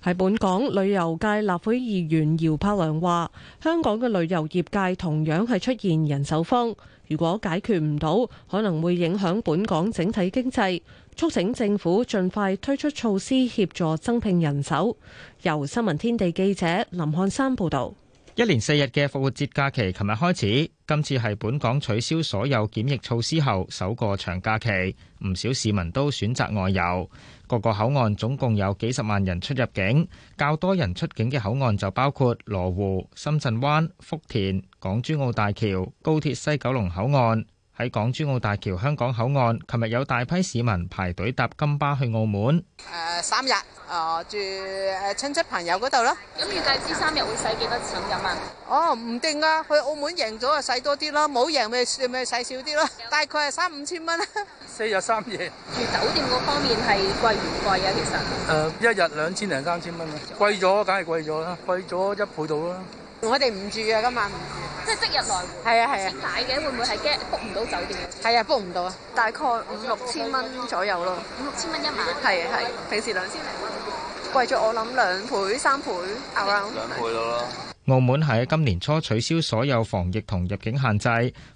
係本港旅遊界立會議員姚柏良話：香港嘅旅遊業界同樣係出現人手荒，如果解決唔到，可能會影響本港整體經濟，促請政府盡快推出措施協助增聘人手。由新聞天地記者林漢山報道。一連四日嘅復活節假期，琴日開始，今次係本港取消所有檢疫措施後首個長假期，唔少市民都選擇外遊。各個口岸總共有幾十萬人出入境，較多人出境嘅口岸就包括羅湖、深圳灣、福田、港珠澳大橋、高鐵西九龍口岸。喺港珠澳大橋香港口岸，琴日，有大批市民排隊搭金巴去澳門。誒、呃，三日，哦、呃、住誒親戚朋友嗰度咯。咁預計呢三日會使幾多錢咁啊？哦，唔定啊，去澳門贏咗啊，使多啲咯，冇贏咪咪使少啲咯。大概係三五千蚊啦。四日三夜。住酒店嗰方面係貴唔貴啊？其實誒、呃，一日兩千零三千蚊啊，貴咗梗係貴咗啦，貴咗一倍到啦。我哋唔住啊，今晚即係即日來回係啊係啊，大嘅，會唔會係驚 book 唔到酒店啊？係啊，book 唔到，大概五六千蚊左右咯。五六千蚊一晚，係啊係，平時兩千零蚊，貴咗我諗兩倍三倍係啊。兩倍咯。澳門喺今年初取消所有防疫同入境限制，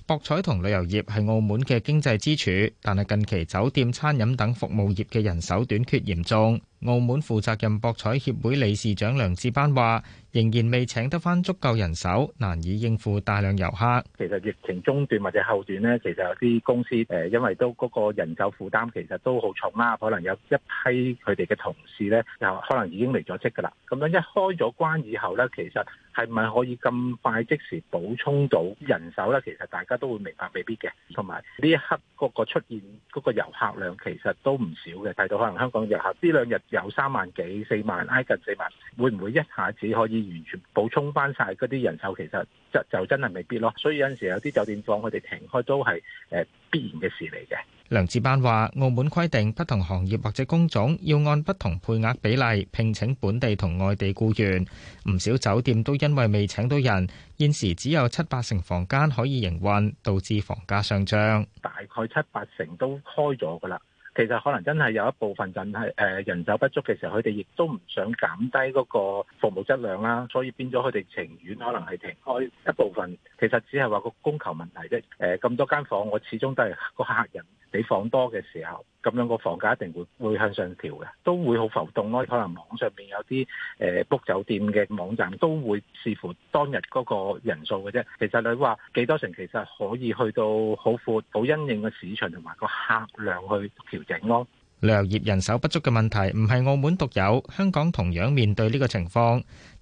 博彩同旅遊業係澳門嘅經濟支柱，但係近期酒店、餐飲等服務業嘅人手短缺嚴重。澳門負責任博彩協會理事長梁志班話。仍然未請得翻足夠人手，難以應付大量遊客。其實疫情中段或者後段咧，其實有啲公司誒，因為都嗰個人手負擔其實都好重啦，可能有一批佢哋嘅同事咧，又可能已經離咗職噶啦。咁樣一開咗關以後咧，其實係咪可以咁快即時補充到人手咧？其實大家都會明白未必嘅。同埋呢一刻個個出現嗰個遊客量，其實都唔少嘅，睇到可能香港遊客呢兩日有三萬幾四萬挨近四萬，會唔會一下子可以？完全補充翻晒嗰啲人手，其實就，就真係未必咯。所以有陣時有啲酒店放，佢哋停開都係誒必然嘅事嚟嘅。梁智班話，澳門規定不同行業或者工種要按不同配額比例聘請本地同外地僱員，唔少酒店都因為未請到人，現時只有七八成房間可以營運，導致房價上漲。大概七八成都開咗㗎喇。其實可能真係有一部分人係誒人手不足嘅時候，佢哋亦都唔想減低嗰個服務質量啦，所以變咗佢哋情願可能係停開一部分。其實只係話個供求問題啫。誒咁多間房，我始終都係個客人比房多嘅時候。咁樣個房價一定會會向上調嘅，都會好浮動咯。可能網上面有啲誒 book 酒店嘅網站都會視乎當日嗰個人數嘅啫。其實你話幾多成，其實可以去到好闊，好因應嘅市場同埋個客量去調整咯。旅遊業人手不足嘅問題唔係澳門獨有，香港同樣面對呢個情況。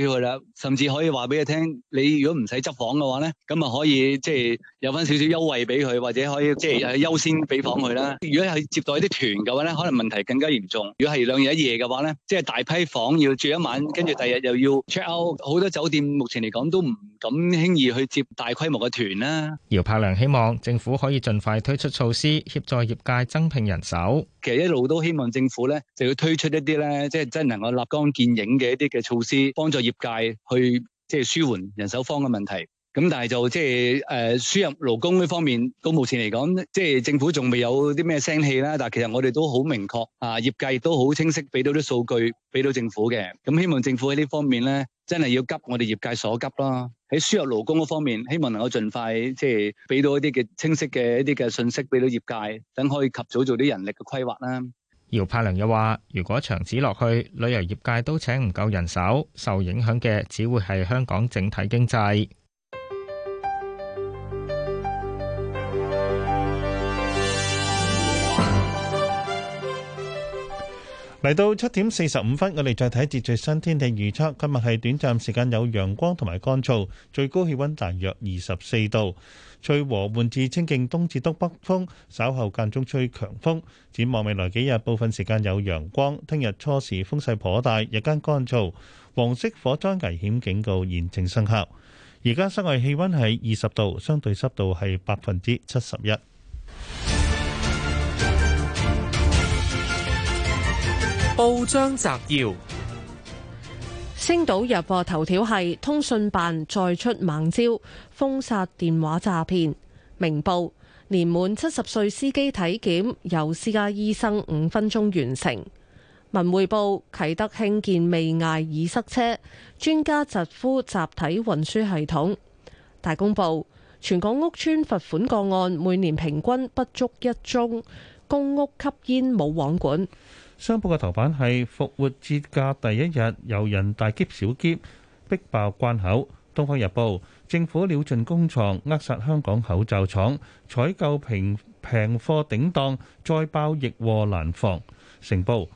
佢啦，甚至可以話俾佢聽，你如果唔使執房嘅話咧，咁啊可以即係有翻少少優惠俾佢，或者可以即係優先俾房佢啦。如果係接待啲團嘅話咧，可能問題更加嚴重。如果係兩日一夜嘅話咧，即係大批房要住一晚，跟住第日又要 check out，好多酒店目前嚟講都唔敢輕易去接大規模嘅團啦。姚柏良希望政府可以盡快推出措施，協助業界增聘人手。其實一路都希望政府咧，就要推出一啲咧，即係真能夠立竿見影嘅一啲嘅措施，幫助業界去即係舒緩人手方嘅問題。咁但係就即係誒，輸入勞工呢方面，到目前嚟講，即係政府仲未有啲咩聲氣啦。但係其實我哋都好明確啊，業界亦都好清晰，俾到啲數據俾到政府嘅。咁希望政府喺呢方面咧，真係要急我哋業界所急啦。喺輸入勞工嗰方面，希望能夠盡快即係俾到一啲嘅清晰嘅一啲嘅信息俾到業界，等可以及早做啲人力嘅規劃啦。姚柏良又話，如果長子長此落去，旅遊業界都請唔夠人手，受影響嘅只會係香港整體經濟。嚟到七點四十五分，我哋再睇一節最新天氣預測。今日係短暫時間有陽光同埋乾燥，最高氣溫大約二十四度。吹和緩至清勁東至東北風，稍後間中吹強風。展望未來幾日，部分時間有陽光。聽日初時風勢頗大，日間乾燥。黃色火災危險警告現正生效。而家室外氣溫係二十度，相對濕度係百分之七十一。報章摘要：星島日報頭條係通訊辦再出猛招，封殺電話詐騙。明報：年滿七十歲司機體檢，由私家醫生五分鐘完成。文匯報：啟德興建未嗌，已塞車，專家疾呼集體運輸系統。大公報：全港屋村罰款個案，每年平均不足一宗。公屋吸煙冇網管。商報嘅頭版係復活節假第一日，遊人大劫小劫逼爆關口。東方日報：政府了盡工廠扼殺香港口罩廠，採購平平貨頂檔，再爆疫禍難防。成報：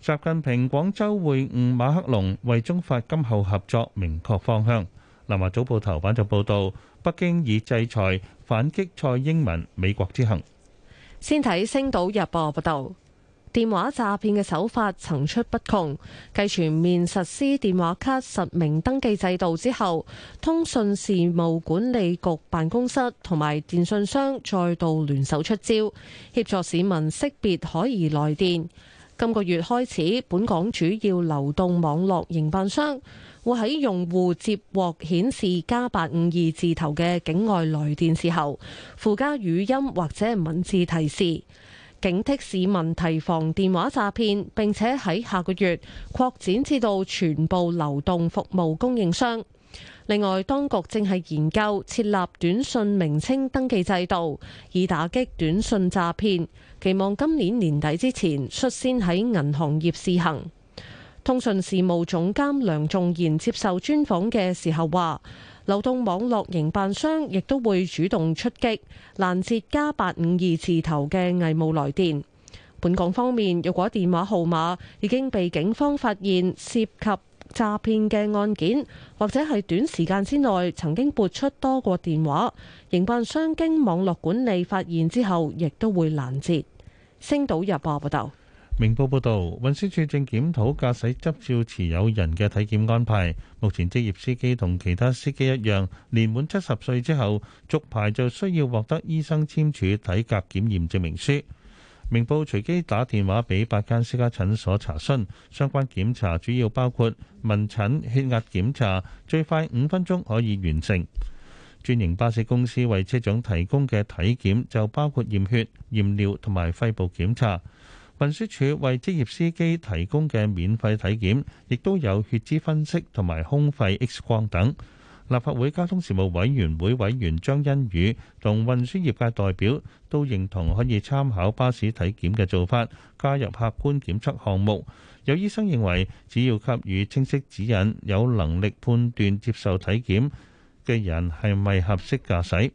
習近平廣州會晤馬克龍，為中法今後合作明確方向。南華早報頭版就報道：北京以制裁反擊蔡英文美國之行。先睇《星島日報》報道。電話詐騙嘅手法層出不窮，繼全面實施電話卡實名登記制度之後，通訊事務管理局辦公室同埋電訊商再度聯手出招，協助市民識別可疑來電。今個月開始，本港主要流動網絡營辦商會喺用戶接獲顯示加八五二字頭嘅境外來電時候，附加語音或者文字提示。警惕市民提防電話詐騙，並且喺下個月擴展至到全部流動服務供應商。另外，當局正係研究設立短信名稱登記制度，以打擊短信詐騙，期望今年年底之前率先喺銀行業試行。通訊事務總監梁仲賢接受專訪嘅時候話：流動網絡營辦商亦都會主動出擊，攔截加八五二字頭嘅偽冒來電。本港方面，如果電話號碼已經被警方發現涉及詐騙嘅案件，或者係短時間之內曾經撥出多個電話，營辦商經網絡管理發現之後，亦都會攔截。星島日報報道。明報報導，運輸署正檢討駕駛執照持有人嘅體檢安排。目前，職業司機同其他司機一樣，年滿七十歲之後續牌就需要獲得醫生簽署體格檢驗證明書。明報隨機打電話俾八間私家診所查詢相關檢查，主要包括問診、血壓檢查，最快五分鐘可以完成。專營巴士公司為車長提供嘅體檢就包括驗血、驗尿同埋肺部檢查。運輸署為職業司機提供嘅免費體檢，亦都有血脂分析同埋胸肺 X 光等。立法會交通事務委員會委員張欣宇同運輸業界代表都認同可以參考巴士體檢嘅做法，加入客觀檢測項目。有醫生認為，只要給予清晰指引，有能力判斷接受體檢嘅人係咪合適駕駛。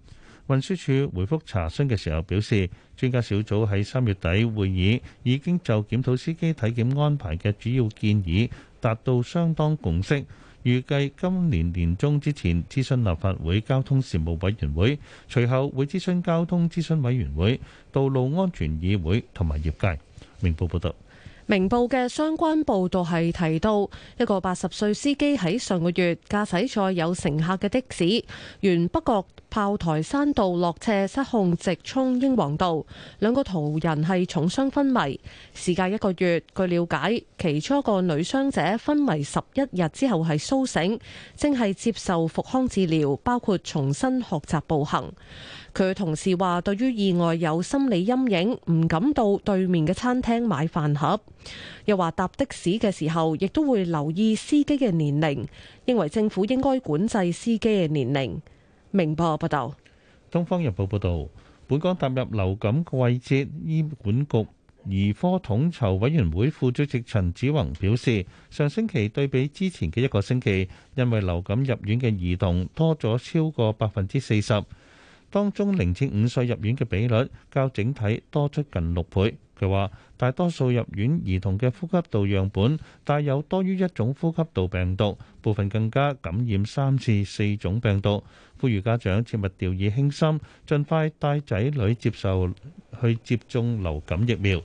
運輸署回覆查詢嘅時候表示，專家小組喺三月底會議已經就檢討司機體檢安排嘅主要建議達到相當共識，預計今年年中之前諮詢立法會交通事務委員會，隨後會諮詢交通諮詢委員會、道路安全議會同埋業界。明報報道。明報嘅相關報道係提到，一個八十歲司機喺上個月駕駛載有乘客嘅的,的士，沿北角炮台山道落斜失控，直衝英皇道，兩個途人係重傷昏迷。事隔一個月，據了解，其中一個女傷者昏迷十一日之後係蘇醒，正係接受復康治療，包括重新學習步行。佢同事話：對於意外有心理陰影，唔敢到對面嘅餐廳買飯盒。又話搭的士嘅時候，亦都會留意司機嘅年齡，認為政府應該管制司機嘅年齡。明報報道。《東方日報》報道，本港踏入流感季節，醫管局兒科統籌委員會副主席陳子宏表示，上星期對比之前嘅一個星期，因為流感入院嘅兒童多咗超過百分之四十。當中零至五歲入院嘅比率較整體多出近六倍。佢話大多數入院兒童嘅呼吸道樣本帶有多於一種呼吸道病毒，部分更加感染三至四種病毒。呼籲家長切勿掉以輕心，盡快帶仔女接受去接種流感疫苗。《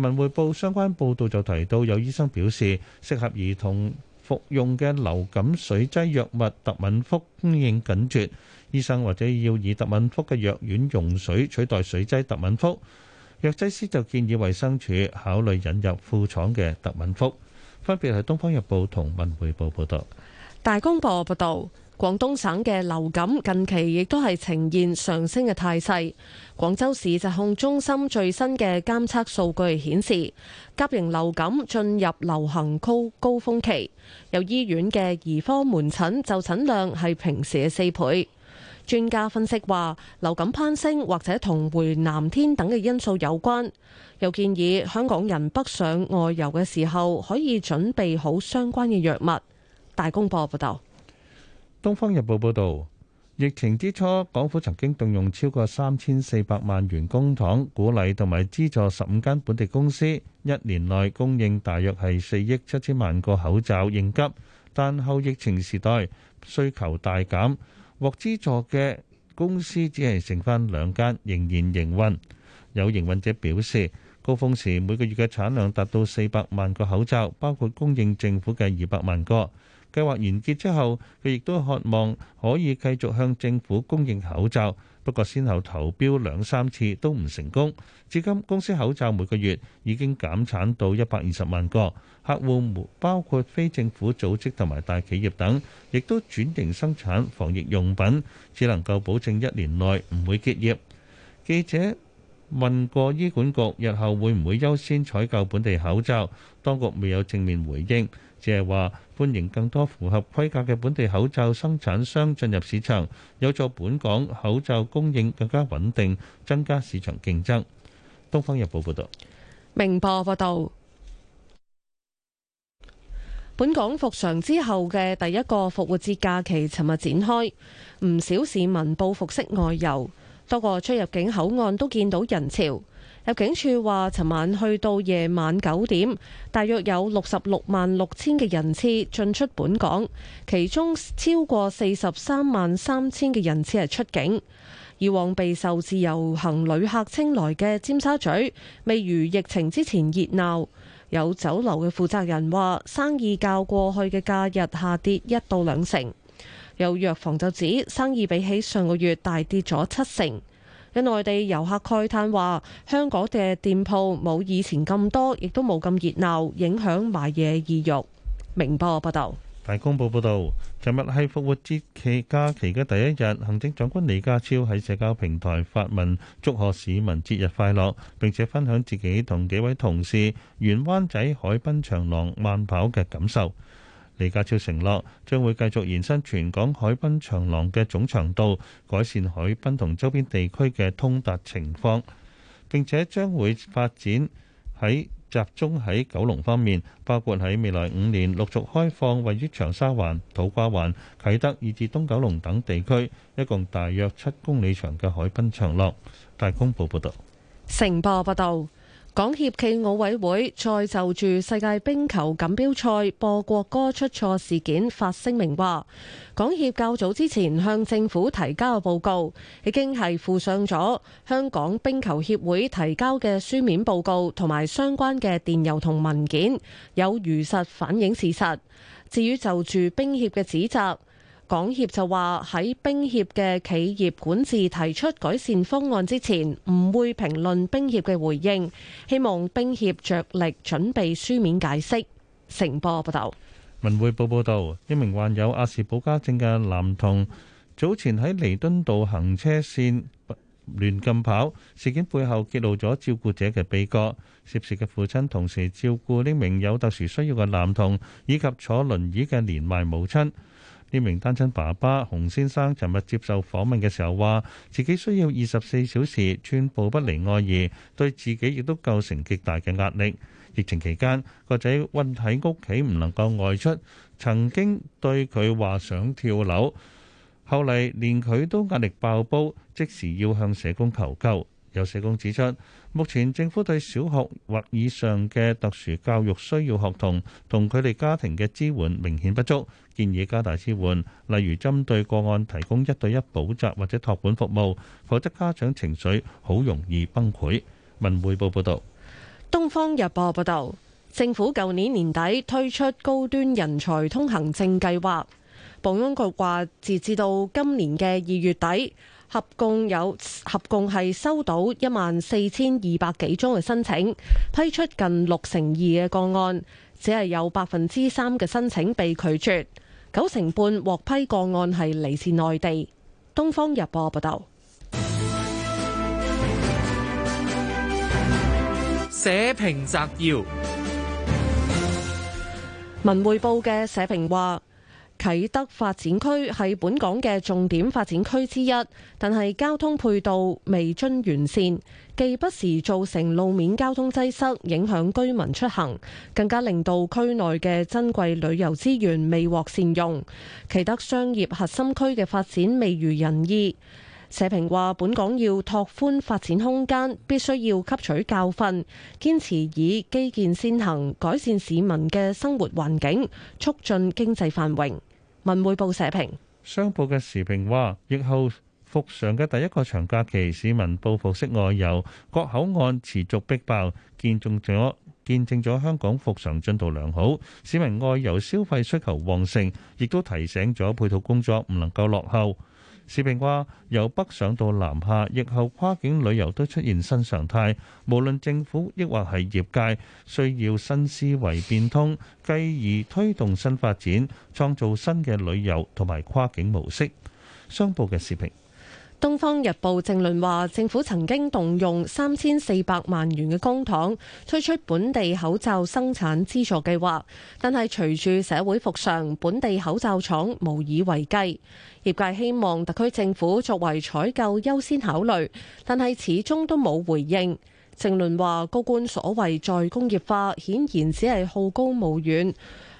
文匯報》相關報導就提到，有醫生表示適合兒童服用嘅流感水劑藥物特敏福供應緊絀，醫生或者要以特敏福嘅藥丸溶水取代水劑特敏福。藥劑師就建議衞生署考慮引入副廠嘅特敏福。分別係《東方日報》同《文匯報》報道。大公報報道。廣東省嘅流感近期亦都係呈現上升嘅態勢。廣州市疾控中心最新嘅監測數據顯示，甲型流感進入流行高高峰期，有醫院嘅兒科門診就診量係平時嘅四倍。專家分析話，流感攀升或者同回南天等嘅因素有關。又建議香港人北上外遊嘅時候，可以準備好相關嘅藥物。大公報報、啊、道。《東方日報》報導，疫情之初，港府曾經動用超過三千四百萬元公帑鼓勵同埋資助十五間本地公司，一年內供應大約係四億七千萬個口罩應急。但後疫情時代需求大減，獲資助嘅公司只係剩翻兩間仍然營運。有營運者表示，高峰時每個月嘅產量達到四百萬個口罩，包括供應政府嘅二百萬個。計劃完結之後，佢亦都渴望可以繼續向政府供應口罩，不過先後投標兩三次都唔成功。至今公司口罩每個月已經減產到一百二十萬個，客戶包括非政府組織同埋大企業等，亦都轉型生產防疫用品，只能夠保證一年內唔會結業。記者問過醫管局日後會唔會優先採購本地口罩，當局未有正面回應。即係話，歡迎更多符合規格嘅本地口罩生產商進入市場，有助本港口罩供應更加穩定，增加市場競爭。《東方日報》報道：「明報報道：本港復常之後嘅第一個復活節假期，尋日展開，唔少市民報復式外遊，多個出入境口岸都見到人潮。入境處話，尋晚去到夜晚九點，大約有六十六萬六千嘅人次進出本港，其中超過四十三萬三千嘅人次係出境。以往備受自由行旅客青睞嘅尖沙咀，未如疫情之前熱鬧。有酒樓嘅負責人話，生意較過去嘅假日下跌一到兩成。有藥房就指生意比起上個月大跌咗七成。有內地遊客慨嘆話：香港嘅店鋪冇以前咁多，亦都冇咁熱鬧，影響買嘢意欲。明報報導，大公報報導，尋日係復活節期假期嘅第一日，行政長官李家超喺社交平台發文祝賀市民節日快樂，並且分享自己同幾位同事沿灣仔海濱長廊慢跑嘅感受。李家超承諾將會繼續延伸全港海濱長廊嘅總長度，改善海濱同周邊地區嘅通達情況，並且將會發展喺集中喺九龍方面，包括喺未來五年陸續開放位於長沙灣、土瓜灣、啟德以至東九龍等地區，一共大約七公里長嘅海濱長廊。大公報報道。成報報道。港協暨奧委會再就住世界冰球錦標賽播國歌出錯事件發聲明話，港協較早之前向政府提交嘅報告已經係附上咗香港冰球協會提交嘅書面報告同埋相關嘅電郵同文件，有如實反映事實。至於就住冰協嘅指責，港協就話喺冰協嘅企業管治提出改善方案之前，唔會評論冰協嘅回應。希望冰協着力準備書面解釋。成播》報道：「文匯報報道，一名患有亞氏保加症嘅男童早前喺彌敦道行車線亂禁跑事件，背後揭露咗照顧者嘅悲歌。涉事嘅父親同時照顧呢名有特殊需要嘅男童以及坐輪椅嘅年邁母親。呢名單親爸爸洪先生尋日接受訪問嘅時候話，自己需要二十四小時寸步不離愛兒，對自己亦都構成極大嘅壓力。疫情期間，個仔困喺屋企，唔能夠外出，曾經對佢話想跳樓，後嚟連佢都壓力爆煲，即時要向社工求救。有社工指出，目前政府對小學或以上嘅特殊教育需要學童同佢哋家庭嘅支援明顯不足，建議加大支援，例如針對個案提供一對一補習或者託管服務，否則家長情緒好容易崩潰。文匯報報道。《東方日報》報道，政府舊年年底推出高端人才通行證計劃，保安局話，截至到今年嘅二月底。合共有合共係收到一萬四千二百幾宗嘅申請，批出近六成二嘅個案，只係有百分之三嘅申請被拒絕，九成半獲批個案係嚟自內地。東方日報報道，社評摘要，文匯報嘅社評話。啟德發展區係本港嘅重點發展區之一，但係交通配套未盡完善，既不時造成路面交通擠塞，影響居民出行，更加令到區內嘅珍貴旅遊資源未獲善用，啟德商業核心區嘅發展未如人意。社評話：本港要拓寬發展空間，必須要吸取教訓，堅持以基建先行，改善市民嘅生活環境，促進經濟繁榮。文匯報社評，商報嘅時評話：疫後復常嘅第一個長假期，市民報復式外遊，各口岸持續逼爆，見證咗見證咗香港復常進度良好，市民外遊消費需求旺盛，亦都提醒咗配套工作唔能夠落後。視頻話，由北上到南下，疫後跨境旅遊都出現新常態。無論政府抑或係業界，需要新思維變通，繼而推動新發展，創造新嘅旅遊同埋跨境模式。商報嘅視頻。《東方日報》正論話，政府曾經動用三千四百萬元嘅公帑推出本地口罩生產資助計劃，但係隨住社會復常，本地口罩廠無以為繼。業界希望特區政府作為採購優先考慮，但係始終都冇回應。正論話，高官所謂再工業化，顯然只係好高騖遠。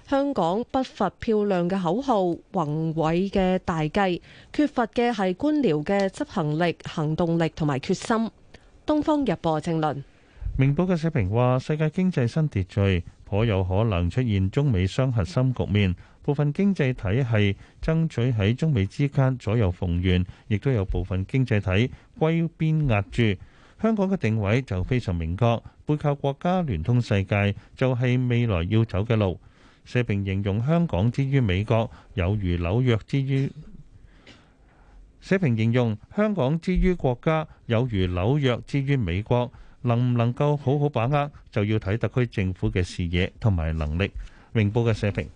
香港不乏漂亮嘅口號，宏偉嘅大計，缺乏嘅係官僚嘅執行力、行動力同埋決心。《東方日報》正論。明報嘅社評話：世界經濟新秩序頗有可能出現中美雙核心局面，部分經濟體係爭取喺中美之間左右逢源，亦都有部分經濟體歸邊壓住。香港嘅定位就非常明確，背靠國家聯通世界，就係未來要走嘅路。社評形容香港之於美國，有如紐約之於；社評形容香港之於國家，有如紐約之於美國。能唔能夠好好把握，就要睇特區政府嘅視野同埋能力。明報嘅社評。《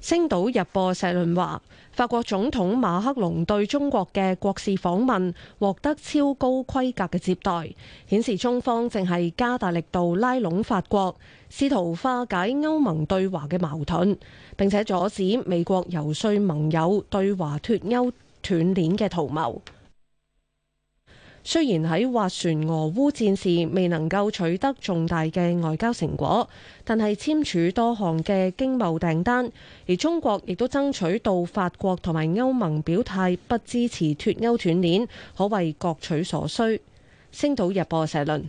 星島日報》社論話，法國總統馬克龍對中國嘅國事訪問獲得超高規格嘅接待，顯示中方正係加大力度拉攏法國。試圖化解歐盟對華嘅矛盾，並且阻止美國遊說盟友對華脱歐斷鏈嘅圖謀。雖然喺斡旋俄烏戰事未能夠取得重大嘅外交成果，但係簽署多項嘅經貿訂單，而中國亦都爭取到法國同埋歐盟表態不支持脱歐斷鏈，可謂各取所需。星島日報社論。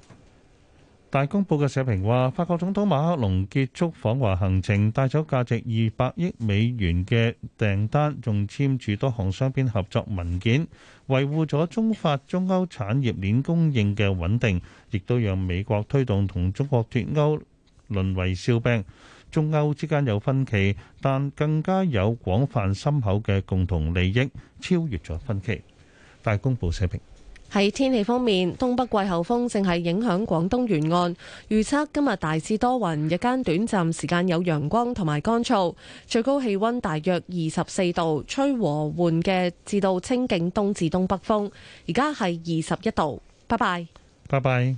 大公報嘅社評話：法國總統馬克龍結束訪華行程，帶走價值二百億美元嘅訂單，仲簽署多項雙邊合作文件，維護咗中法、中歐產業鏈供應嘅穩定，亦都讓美國推動同中國脱歐淪為笑柄。中歐之間有分歧，但更加有廣泛深厚嘅共同利益，超越咗分歧。大公報社評。喺天氣方面，東北季候風正係影響廣東沿岸。預測今日大致多雲，日間短暫時間有陽光同埋乾燥，最高氣溫大約二十四度，吹和緩嘅至到清勁東至東北風。而家係二十一度，拜拜，拜拜。